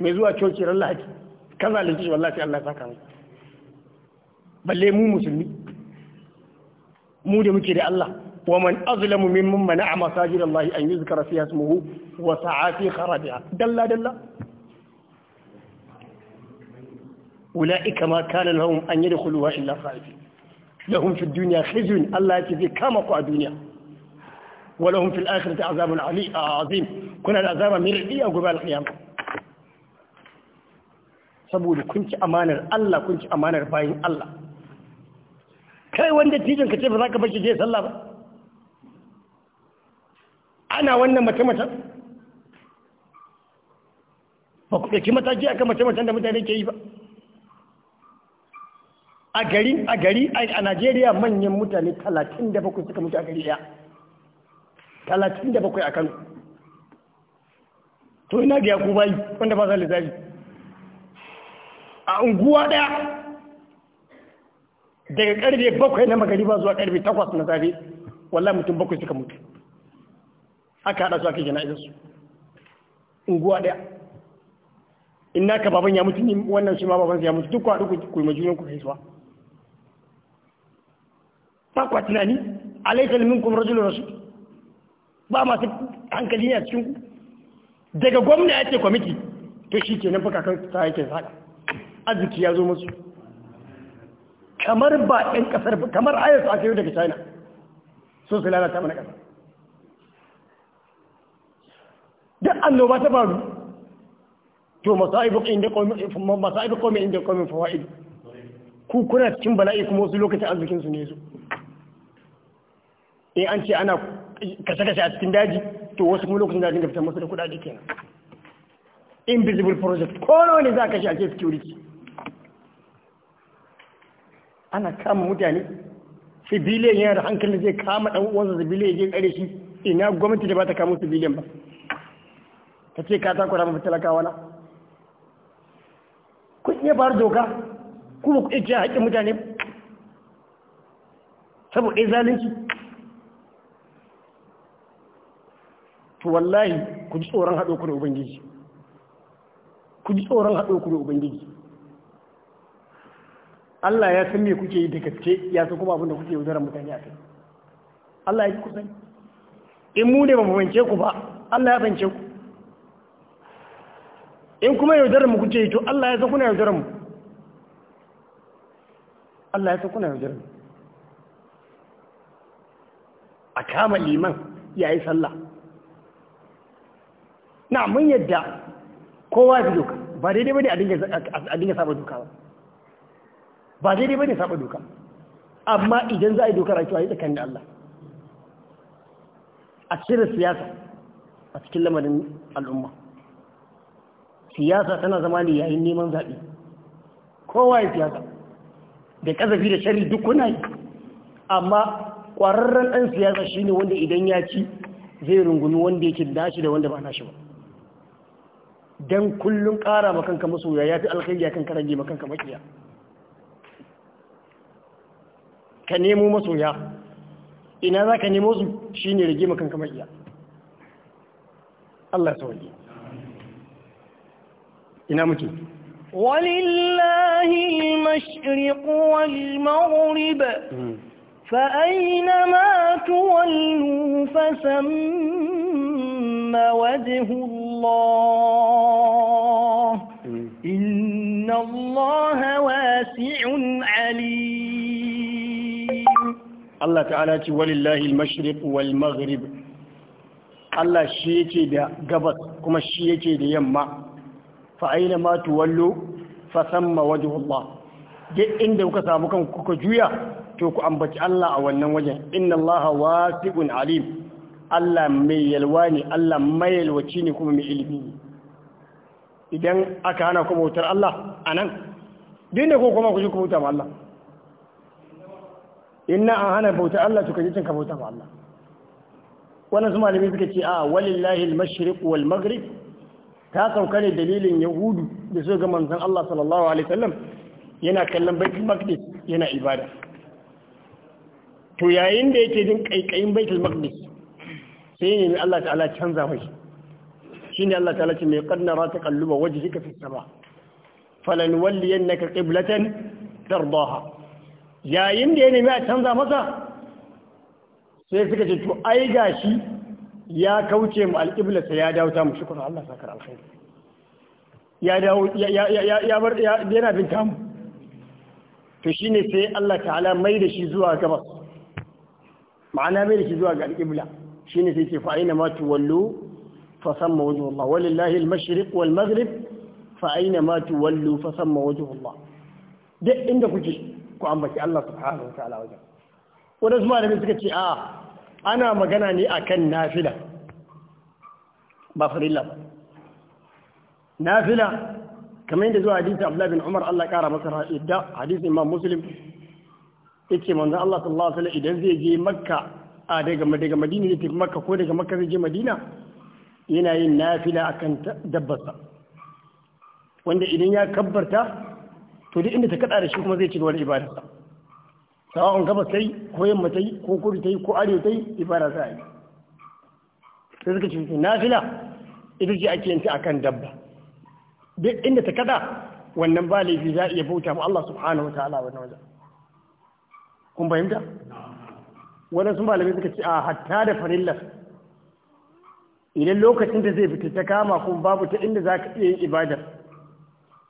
mai zuwa coci ran haki. kan zalunci shi wallahi Allah ya saka mai balle mu musulmi mu da muke da Allah wa man azlamu mimman mana'a masajid Allah an yuzkara fiha ismuhu wa sa'a fi kharabiha dalla dalla ulaika ma kana lahum an yadkhuluha illa khaifin lahum fi dunya khizun Allah yake kama ku a duniya ولهم في الآخرة عذاب عظيم كنا العذاب مرعية قبل القيامة saboda kun ci amanar Allah kun ci amanar bayin Allah kai wanda tijin ka ce ba za ka bashi je sallah ba ana wannan mace-macen ba ku ɗauki mataki kan mace-macen da mutane ke yi ba a gari a gari a Najeriya manyan mutane 37 suka mutu a gari ya. talatin da bakwai a kano to ina ga yaku bai wanda ba za lissafi a unguwa daya daga karfe bakwai na magariba zuwa karfe takwas na safe wallahi mutum bakwai suka mutu aka hada su aka jana'izar su unguwa daya ina ka baban ya mutu wannan shi ma baban ya mutu duk kwaɗu ku yi majunan ku haisuwa ba kwa tunani alaikalmin kuma rajulun rasu ba masu hankali ne a cikin daga gwamna ya ce kwamiti to shi ke nan fukakan ta yake saka arziki ya zo musu kamar ba ɗan ƙasar kamar ayar su aka yi daga china sun su lalata mana ƙasa duk annoba ta faru to masu masa'ibu kome inda kome fawa'id ku kuna cikin bala'i kuma wasu lokacin arzikinsu ne su in eh, an ce ana kashe-kashe a cikin daji to wasu kuma lokacin da ga fitar masu da kudade kenan invisible project ko ne za ka shi a ce security ana kama mutane civilian yana da hankali zai kama dan uwansa civilian ya kare shi ina gwamnati da ba ta kama civilian ba ta ce ka ta takura mafi talakawa na kun iya bayar doka kuma ku iya haƙƙin mutane saboda zalunci to wallahi ku ji tsoron haɗo ku da ubangiji ku ji tsoron haɗo ku da ubangiji Allah ya san me kuke yi da gaske ya san kuma abin da kuke yaudarar mutane a kai Allah ya ji kusan in mu ne ba mu bance ku ba Allah ya bance ku in kuma yaudarar mu kuke yi to Allah ya san kuna yaudarar mu Allah ya san kuna yaudarar mu a kama liman ya yi sallah na mun yadda kowa zai doka ba daidai bane a dinga saba doka ba ba daidai bane saba doka amma idan za a yi dokar a cewa yi tsakanin Allah a cikin siyasa a cikin lamarin al'umma siyasa tana zama ne yayin neman zaɓe kowa ya siyasa da ƙazafi da shari duk kuna yi amma ƙwararren ɗan siyasa shine wanda idan ya ci zai rungumi wanda yake da shi da wanda ba na shi ba don kullum ƙara makanka masoya ya fi alkhairi kan ka rage makanka makiya ka nemo masoya ina za ka nemo su shi ne rage makanka makiya Allah sauki ina muke ولله المشرق والمغرب فأينما تولوا فثم ثم وجه الله hmm. إن الله واسع عليم الله تعالى ولله المشرق والمغرب Allah shi yake da gabas kuma shi yake da yamma fa aina ma tuwallu fa duk inda kuka samu kanku kuka juya to ku ambaci Allah a wannan wajen inna Allah wasi'un alim Allah mai yalwa ne Allah mai yalwaci ne kuma mai ilimi ne idan aka hana kuma wutar Allah a nan din da kuma ku kuma wuta ma Allah inna an hana bautar Allah to kaji cin ka bauta ma Allah wannan su malami suka ce a walillahi al-mashriq wal maghrib ta sauka ne dalilin yahudu da su ga manzan Allah sallallahu alaihi wasallam yana kallon baitul maqdis yana ibada to yayin da yake jin kaikayin baitul maqdis sai ya nemi Allah ta'ala canza mai ne Allah ta'ala ce mai waje shi ka fi sama falan walliyannaka ƙiblatan tarbaha yayin da ya nemi a canza masa sai suka ce to ai gashi ya kauce mu alƙibla ya dawo ta mu shukran Allah sakar alkhairi ya dawo ya yana bin tamu to shine sai Allah ta'ala mai da shi zuwa gabas ma'ana mai da shi zuwa ga alƙibla shine sai ce fa aina ma tuwallu fa samma Allah wani al-mashriq wal maghrib fa aina ma tuwallu fa samma wajhu Allah duk inda kuke ku ambaci Allah subhanahu wataala wajen wadansu malamin suka ce a ana magana ne a kan nafila ba farilla ba nafila kamar yadda zuwa hadisi Abdullah bin Umar Allah kara masa idda hadisi Imam Muslim ce manzon Allah sallallahu alaihi wasallam idan zai je Makka a daga daga madina ya tafi makka ko daga makka zai je madina yana yin nafila akan dabbarsa wanda idan ya kabbarta to duk inda ta kada da shi kuma zai ci gaba da ibadarsa sawa'un gaba sai, ko yamma tai ko kudu tai ko arewa tai ibada za a yi sai suka ce nafila ita ce ake yanta akan dabba duk inda ta kada wannan ba laifi za a iya bauta mu Allah subhanahu wa ta'ala wannan wajen kun fahimta waɗansu malami suka ce a hatta da farillar idan lokacin da zai fita ta kama kuma babu ta inda za ka iya yin ibadar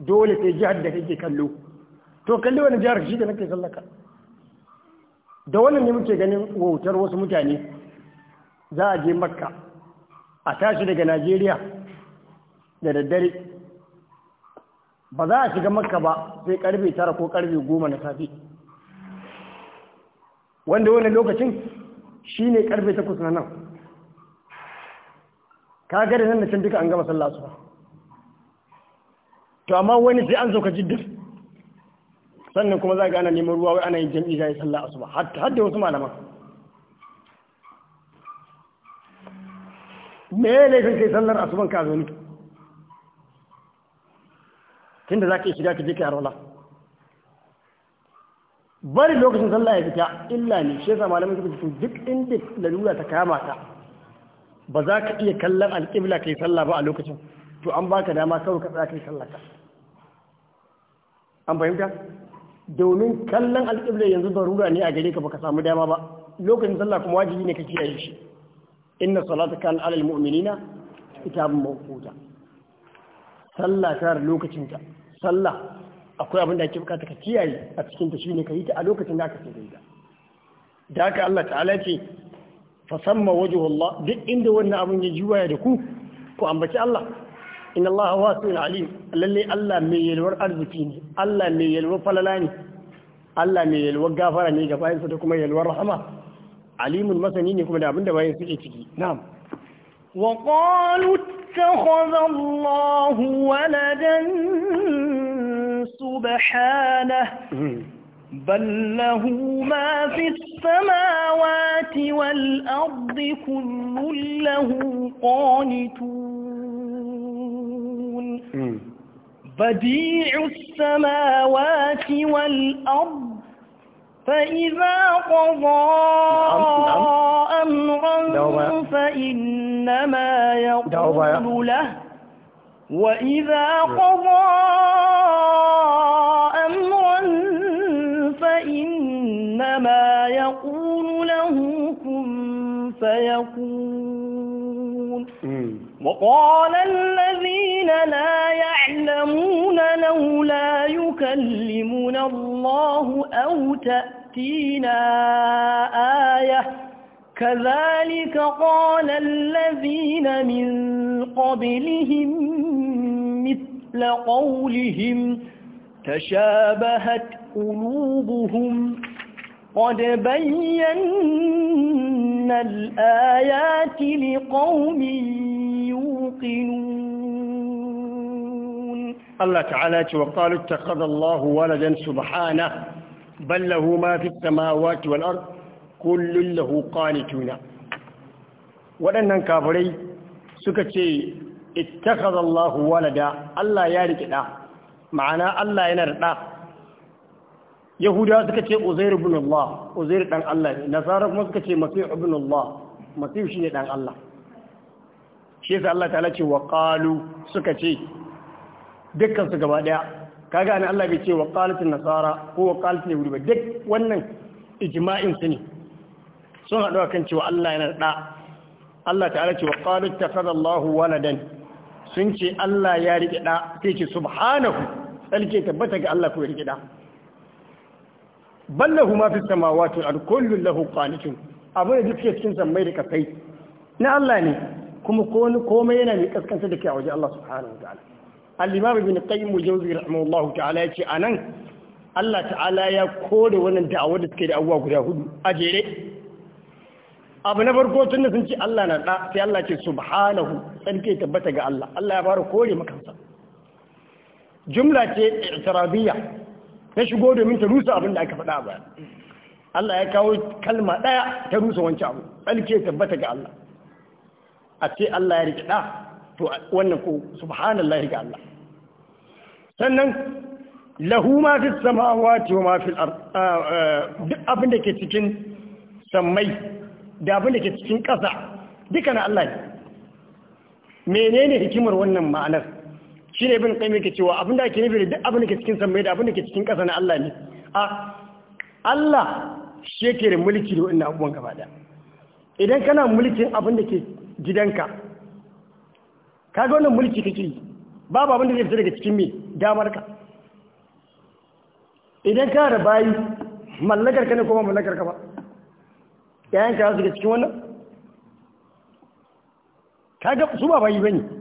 dole sai jihar da kake kallo to kalli wani jihar shi da nake sallaka da wannan ne muke ganin wautar wasu mutane za a je makka a tashi daga najeriya da daddare ba za a shiga makka ba sai karfe tara ko karfe goma na safe wanda wani lokacin shi ne karfe takwas na nan ka gada nan da can duka an gama sallah asuba to amma wani sai an sauka jiddar sannan kuma za ga ana neman ruwa wai ana yin jam'i za yi sallah su har da wasu malaman me ya laifin kai sallar asuban ka zo ni tunda za ka yi shiga ka je ka yi bari lokacin sallah ya fita illa ne shi yasa malamin suka ce duk inda lura ta kama ta ba za ka iya kallon alƙibla kai sallah ba a lokacin to an baka dama kawai ka tsaya kai sallah ka an fahimta domin kallon alƙibla yanzu rura ne a gare ka baka samu dama ba lokacin sallah kuma wajibi ne ka kiyaye shi inna salata kan alal mu'minina kitabun mawquta sallah tar lokacin ta sallah akwai abin da ake bukata ka kiyaye a cikin ta shine ka yi ta a lokacin da aka ce daida da haka Allah ta'ala ce fasamma wajhu Allah duk inda wannan abin ya juwaya da ku ku ambaci Allah inna Allah wasi'un alim lalle Allah mai yalwar arziki ne Allah mai yalwar falala ne Allah mai yalwar gafara ne ga bayansa da kuma yalwar rahama alimun masani ne kuma da abin da bayan suke ciki na'am wa qalu ittakhadha Allahu waladan سبحانه بل له ما في السماوات والأرض كل له قانتون بديع السماوات والأرض فإذا قضى أمرا نعم. فإنما يقول له وإذا قضى سيكون وقال الذين لا يعلمون لولا يكلمنا الله أو تأتينا آية كذلك قال الذين من قبلهم مثل قولهم تشابهت قلوبهم قد بينا من الآيات لقوم يوقنون الله تعالى وقال اتخذ الله ولدا سبحانه بل له ما في السماوات والأرض كل له قانتون ولن kafirai سكتي اتخذ الله ولدا الله يارك ya rike الله ينرد Allah yahudawa suka ce uzairu ibn Allah uzairu dan Allah ne nasara kuma suka ce masih ibn Allah masih shine dan Allah shi yasa Allah ta'ala ce wa qalu suka ce dukkan su gaba daya kaga an Allah bai ce wa qalatin nasara ko wa qalatin yahudi ba duk wannan ijma'in su ne sun haɗu kan cewa Allah yana da Allah ta'ala ce wa qalu takhadha waladan sun ce Allah ya rike da sai ce subhanahu tsarki tabbata ga Allah ko ya rike da ballahu ma fi samawati al kullu lahu qanitun abin da duk cikin sammai da kasai na Allah ne kuma komai yana mai kaskanta da kai a waje Allah subhanahu wa ta'ala al-imam ibn qayyim al-jawzi rahimahullahu ta'ala yace anan Allah ta'ala ya kore wannan da'awar da suke da abuwa guda hudu a jere abu na farko tunda sun ce Allah na da sai Allah ce subhanahu sarki tabbata ga Allah Allah ya fara kore maka jumla ce i'tirabiyya ta shigo domin ta rusa abin da aka faɗa ba Allah ya kawo kalma ɗaya ta rusa wancan abu tsarki tabbata ga Allah a ce Allah ya rikida to wannan ko subhanallah ga Allah sannan lahu ma fi samawati wa ma fi duk abin da ke cikin sammai da abin da ke cikin ƙasa duka na Allah ne menene hikimar wannan ma'anar shi ne ibn qayyim ke cewa abin da ake nufi da duk abin da ke cikin sammai da abin da ke cikin ƙasa na Allah ne a Allah shi yake da mulki da wannan abubuwan gaba da idan kana mulkin abin da ke gidanka kaga wani mulki kake yi babu abin da zai fita daga cikin mai damar ka idan ka da bayi mallakar ka ne kuma mallakar ka ba yayan ka su cikin wannan kaga su ba bayi bane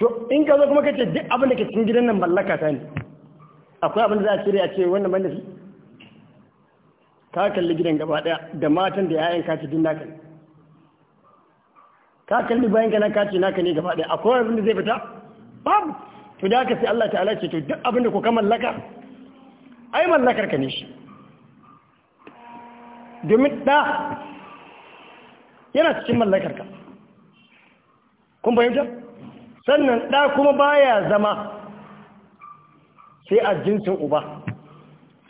to in ka zo kuma kace duk abin da ke cikin gidan nan mallaka ta ne akwai abin da za a cire a ce wannan banda shi ka kalli gidan gaba daya da matan da yayan ka ci din naka ne ka kalli bayan ka nan ka ci naka ne gaba daya akwai abin da zai fita bab to da ka sai Allah ta'ala ce to duk abin da ku ka mallaka ai mallakar ka ne shi domin da yana cikin mallakar ka kun fahimta sannan ɗa kuma baya zama sai a jinsin uba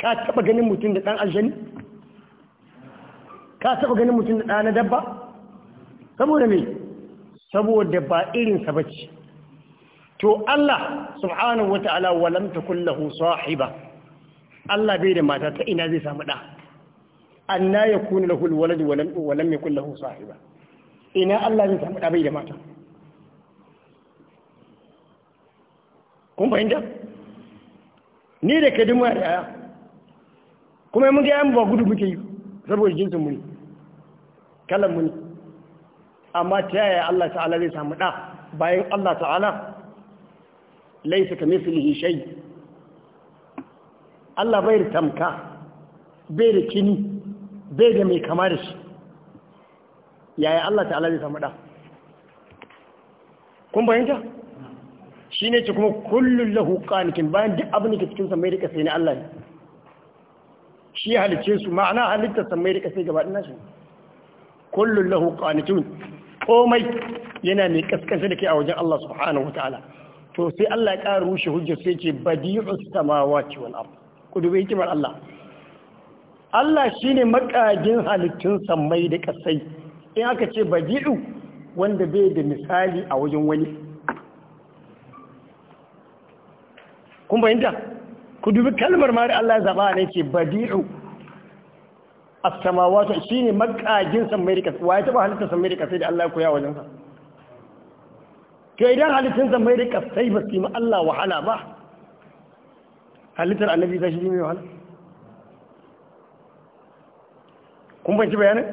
ka taɓa ganin mutum da ɗan aljani ka taɓa ganin mutum da ɗa na dabba saboda me saboda ba irinsa ba ce to Allah subhanahu wa ta'ala walam takun lahu sahiba Allah bai da mata ta ina zai samu ɗa na anna yakunu lahu alwalad walam yakun lahu sahiba ina Allah zai samu ɗa bai da mata kun fahimta ni da kadin dimuwa da yaya kuma mun ga yamu ba gudu muke yi saboda jinsin mu ne kalan mu ne amma ta yaya Allah ta'ala zai samu ɗa? bayan Allah ta'ala laisa kamithlihi shay Allah bai da tamka bai da kini bai da mai kama da shi yaya Allah ta'ala zai samu ɗa, kun fahimta? shi ne ce kuma kullum lahu kanikin bayan duk abin da ke cikin samai da ƙasai ne Allah ne shi halice su ma'ana halittar samai da ƙasai gaba ɗina kullum lahu kanikin komai yana mai ƙasƙansa da ke a wajen Allah subhanahu wa ta'ala to sai Allah ya ƙara rushe hujjar sai ce badi'u samawati wal ard ku dubi hikimar Allah Allah shine makagin halittun sammai da kasai, in aka ce badi'u wanda bai da misali a wajen wani Kuma fahimta ku dubi kalmar ma da Allah ya zaba ne ce badi'u as-samawati shine makajin san mai wa ya taba halitta san mai sai da Allah ya koya wajen sa to idan halittun san mai sai ba su yi Allah wahala ba halittar annabi sai shi mai wahala kun ci bayanin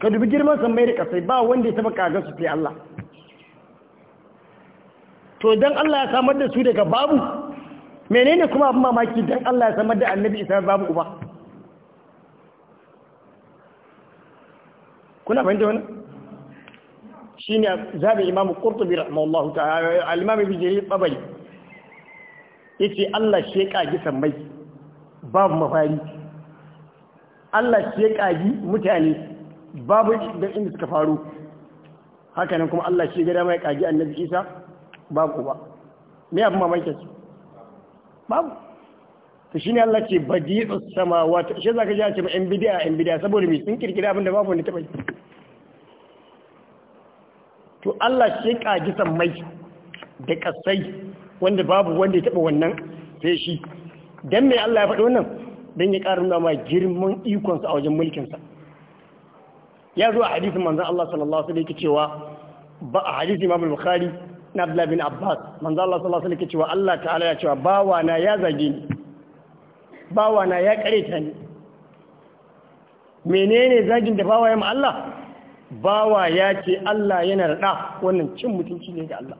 ka dubi girman san mai sai ba wanda ya taba kagan su fi Allah to idan Allah ya samar da su daga babu menene kuma abin mamaki don Allah ya samar da annabi isa babu uba kuna fahimta wani shi ne zaɓin imamu ƙurtubi rahimahullahu ta'ala Alimami bijiri ɓabari ya ce Allah shi ya ƙagi sammai babu mafari Allah shi ya ƙagi mutane babu da inda suka faru hakanan kuma Allah shi ya gada mai ƙagi annabi isa babu uba me abin mamaki su babu to shine Allah ce badi'us samawati shi zaka ji a ce ma yan bid'a yan bid'a saboda mai sun kirkira abin da babu wani taɓa yi to Allah shi kaji mai da kasai wanda babu wanda ya taba wannan sai shi dan me Allah ya faɗi wannan dan ya ƙara nuna ma girman ikon sa a wajen mulkin sa ya zo a hadisin manzon Allah sallallahu alaihi wasallam yake cewa ba a hadisin Imam Bukhari na Abdullahi bin Abbas manzo Allah sallallahu alaihi wasallam cewa Allah ta'ala ya cewa bawana ya zage ni bawana ya kareta ni menene zagin da bawa ya ma Allah bawa ya ce Allah yana da wannan cin mutunci ne ga Allah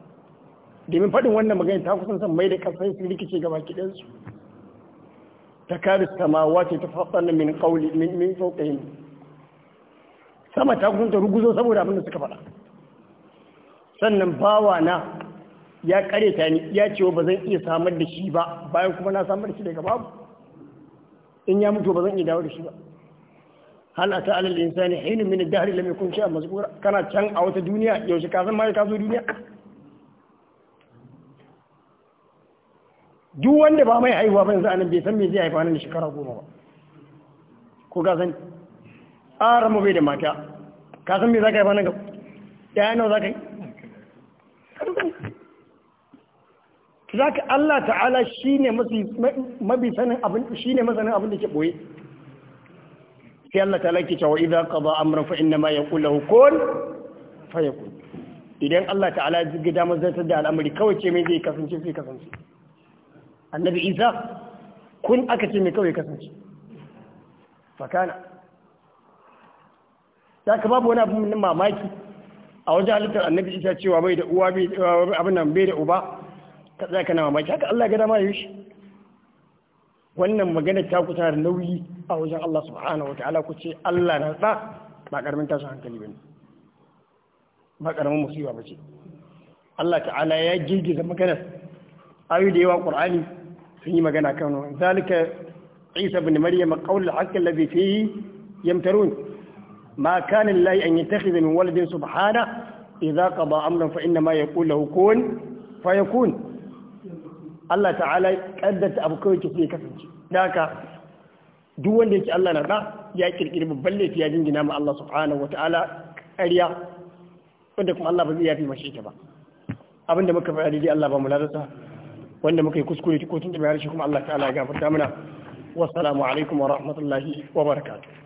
domin faɗin wannan magana ta kusan san mai da kasai su rikice gaba kidan su takaris samawati tafassana min qawli min min fawqihim sama ta kusan ta ruguzo saboda abin da suka faɗa sannan bawa na ya ta ni ya ce ba zan iya samar da shi ba bayan kuma na samar da shi daga babu in ya mutu ba zan iya dawo da shi ba hal ata al insani hinun min ad-dahr lam yakun shay'an mazkura kana can a wata duniya yaushe ka san mai ka zo duniya duk wanda ba mai haihuwa ba yanzu anan bai san me zai haifa nan shekara goma ba ko ga san aramu bai da mata ka san me za ka haifa nan ga ɗaya nawa za ka yi zaka Allah ta'ala shine mafi sanin abin shine masanin abin da ke boye sai Allah ta'ala ke cewa idza qada amra fa inna ma yaqul kun fa yakun idan Allah ta'ala ya ga damar zai da al'amari kawai ce mai zai kasance sai kasance annabi Isa kun aka ce mai kawai kasance fakana zaka babu wani abin mamaki a wajen halittar annabi isa cewa bai da uwa abin nan bai da uba ka tsaya kana mamaki haka Allah ga dama yi wannan magana ta kusa da nauyi a wajen Allah subhanahu wa ta'ala ku ce Allah na tsa ba karamin tashin hankali bane ba karamin musiba bace Allah ta'ala ya girgiza maganar ayu da yawa Qur'ani sun yi magana kan zalika Isa ibn Maryam qawl al-haqq alladhi fihi yamtarun ma kan lillahi an yattakhidha min waladin subhana idza qada amran fa inna ma yaqulu lahu kun fayakun Allah ta'ala qaddata abu kai ki sai kasance daka duk wanda yake Allah na da ya kirkiri babban laifi ya jingina ma Allah subhanahu wa ta'ala ƙarya wanda kuma Allah ba zai yafi mashi ba abinda muka faɗi dai ala ba mu ladarsa wanda muka kuskure ko tun da bayar shi kuma Allah ya gafarta mana wassalamu alaikum wa rahmatullahi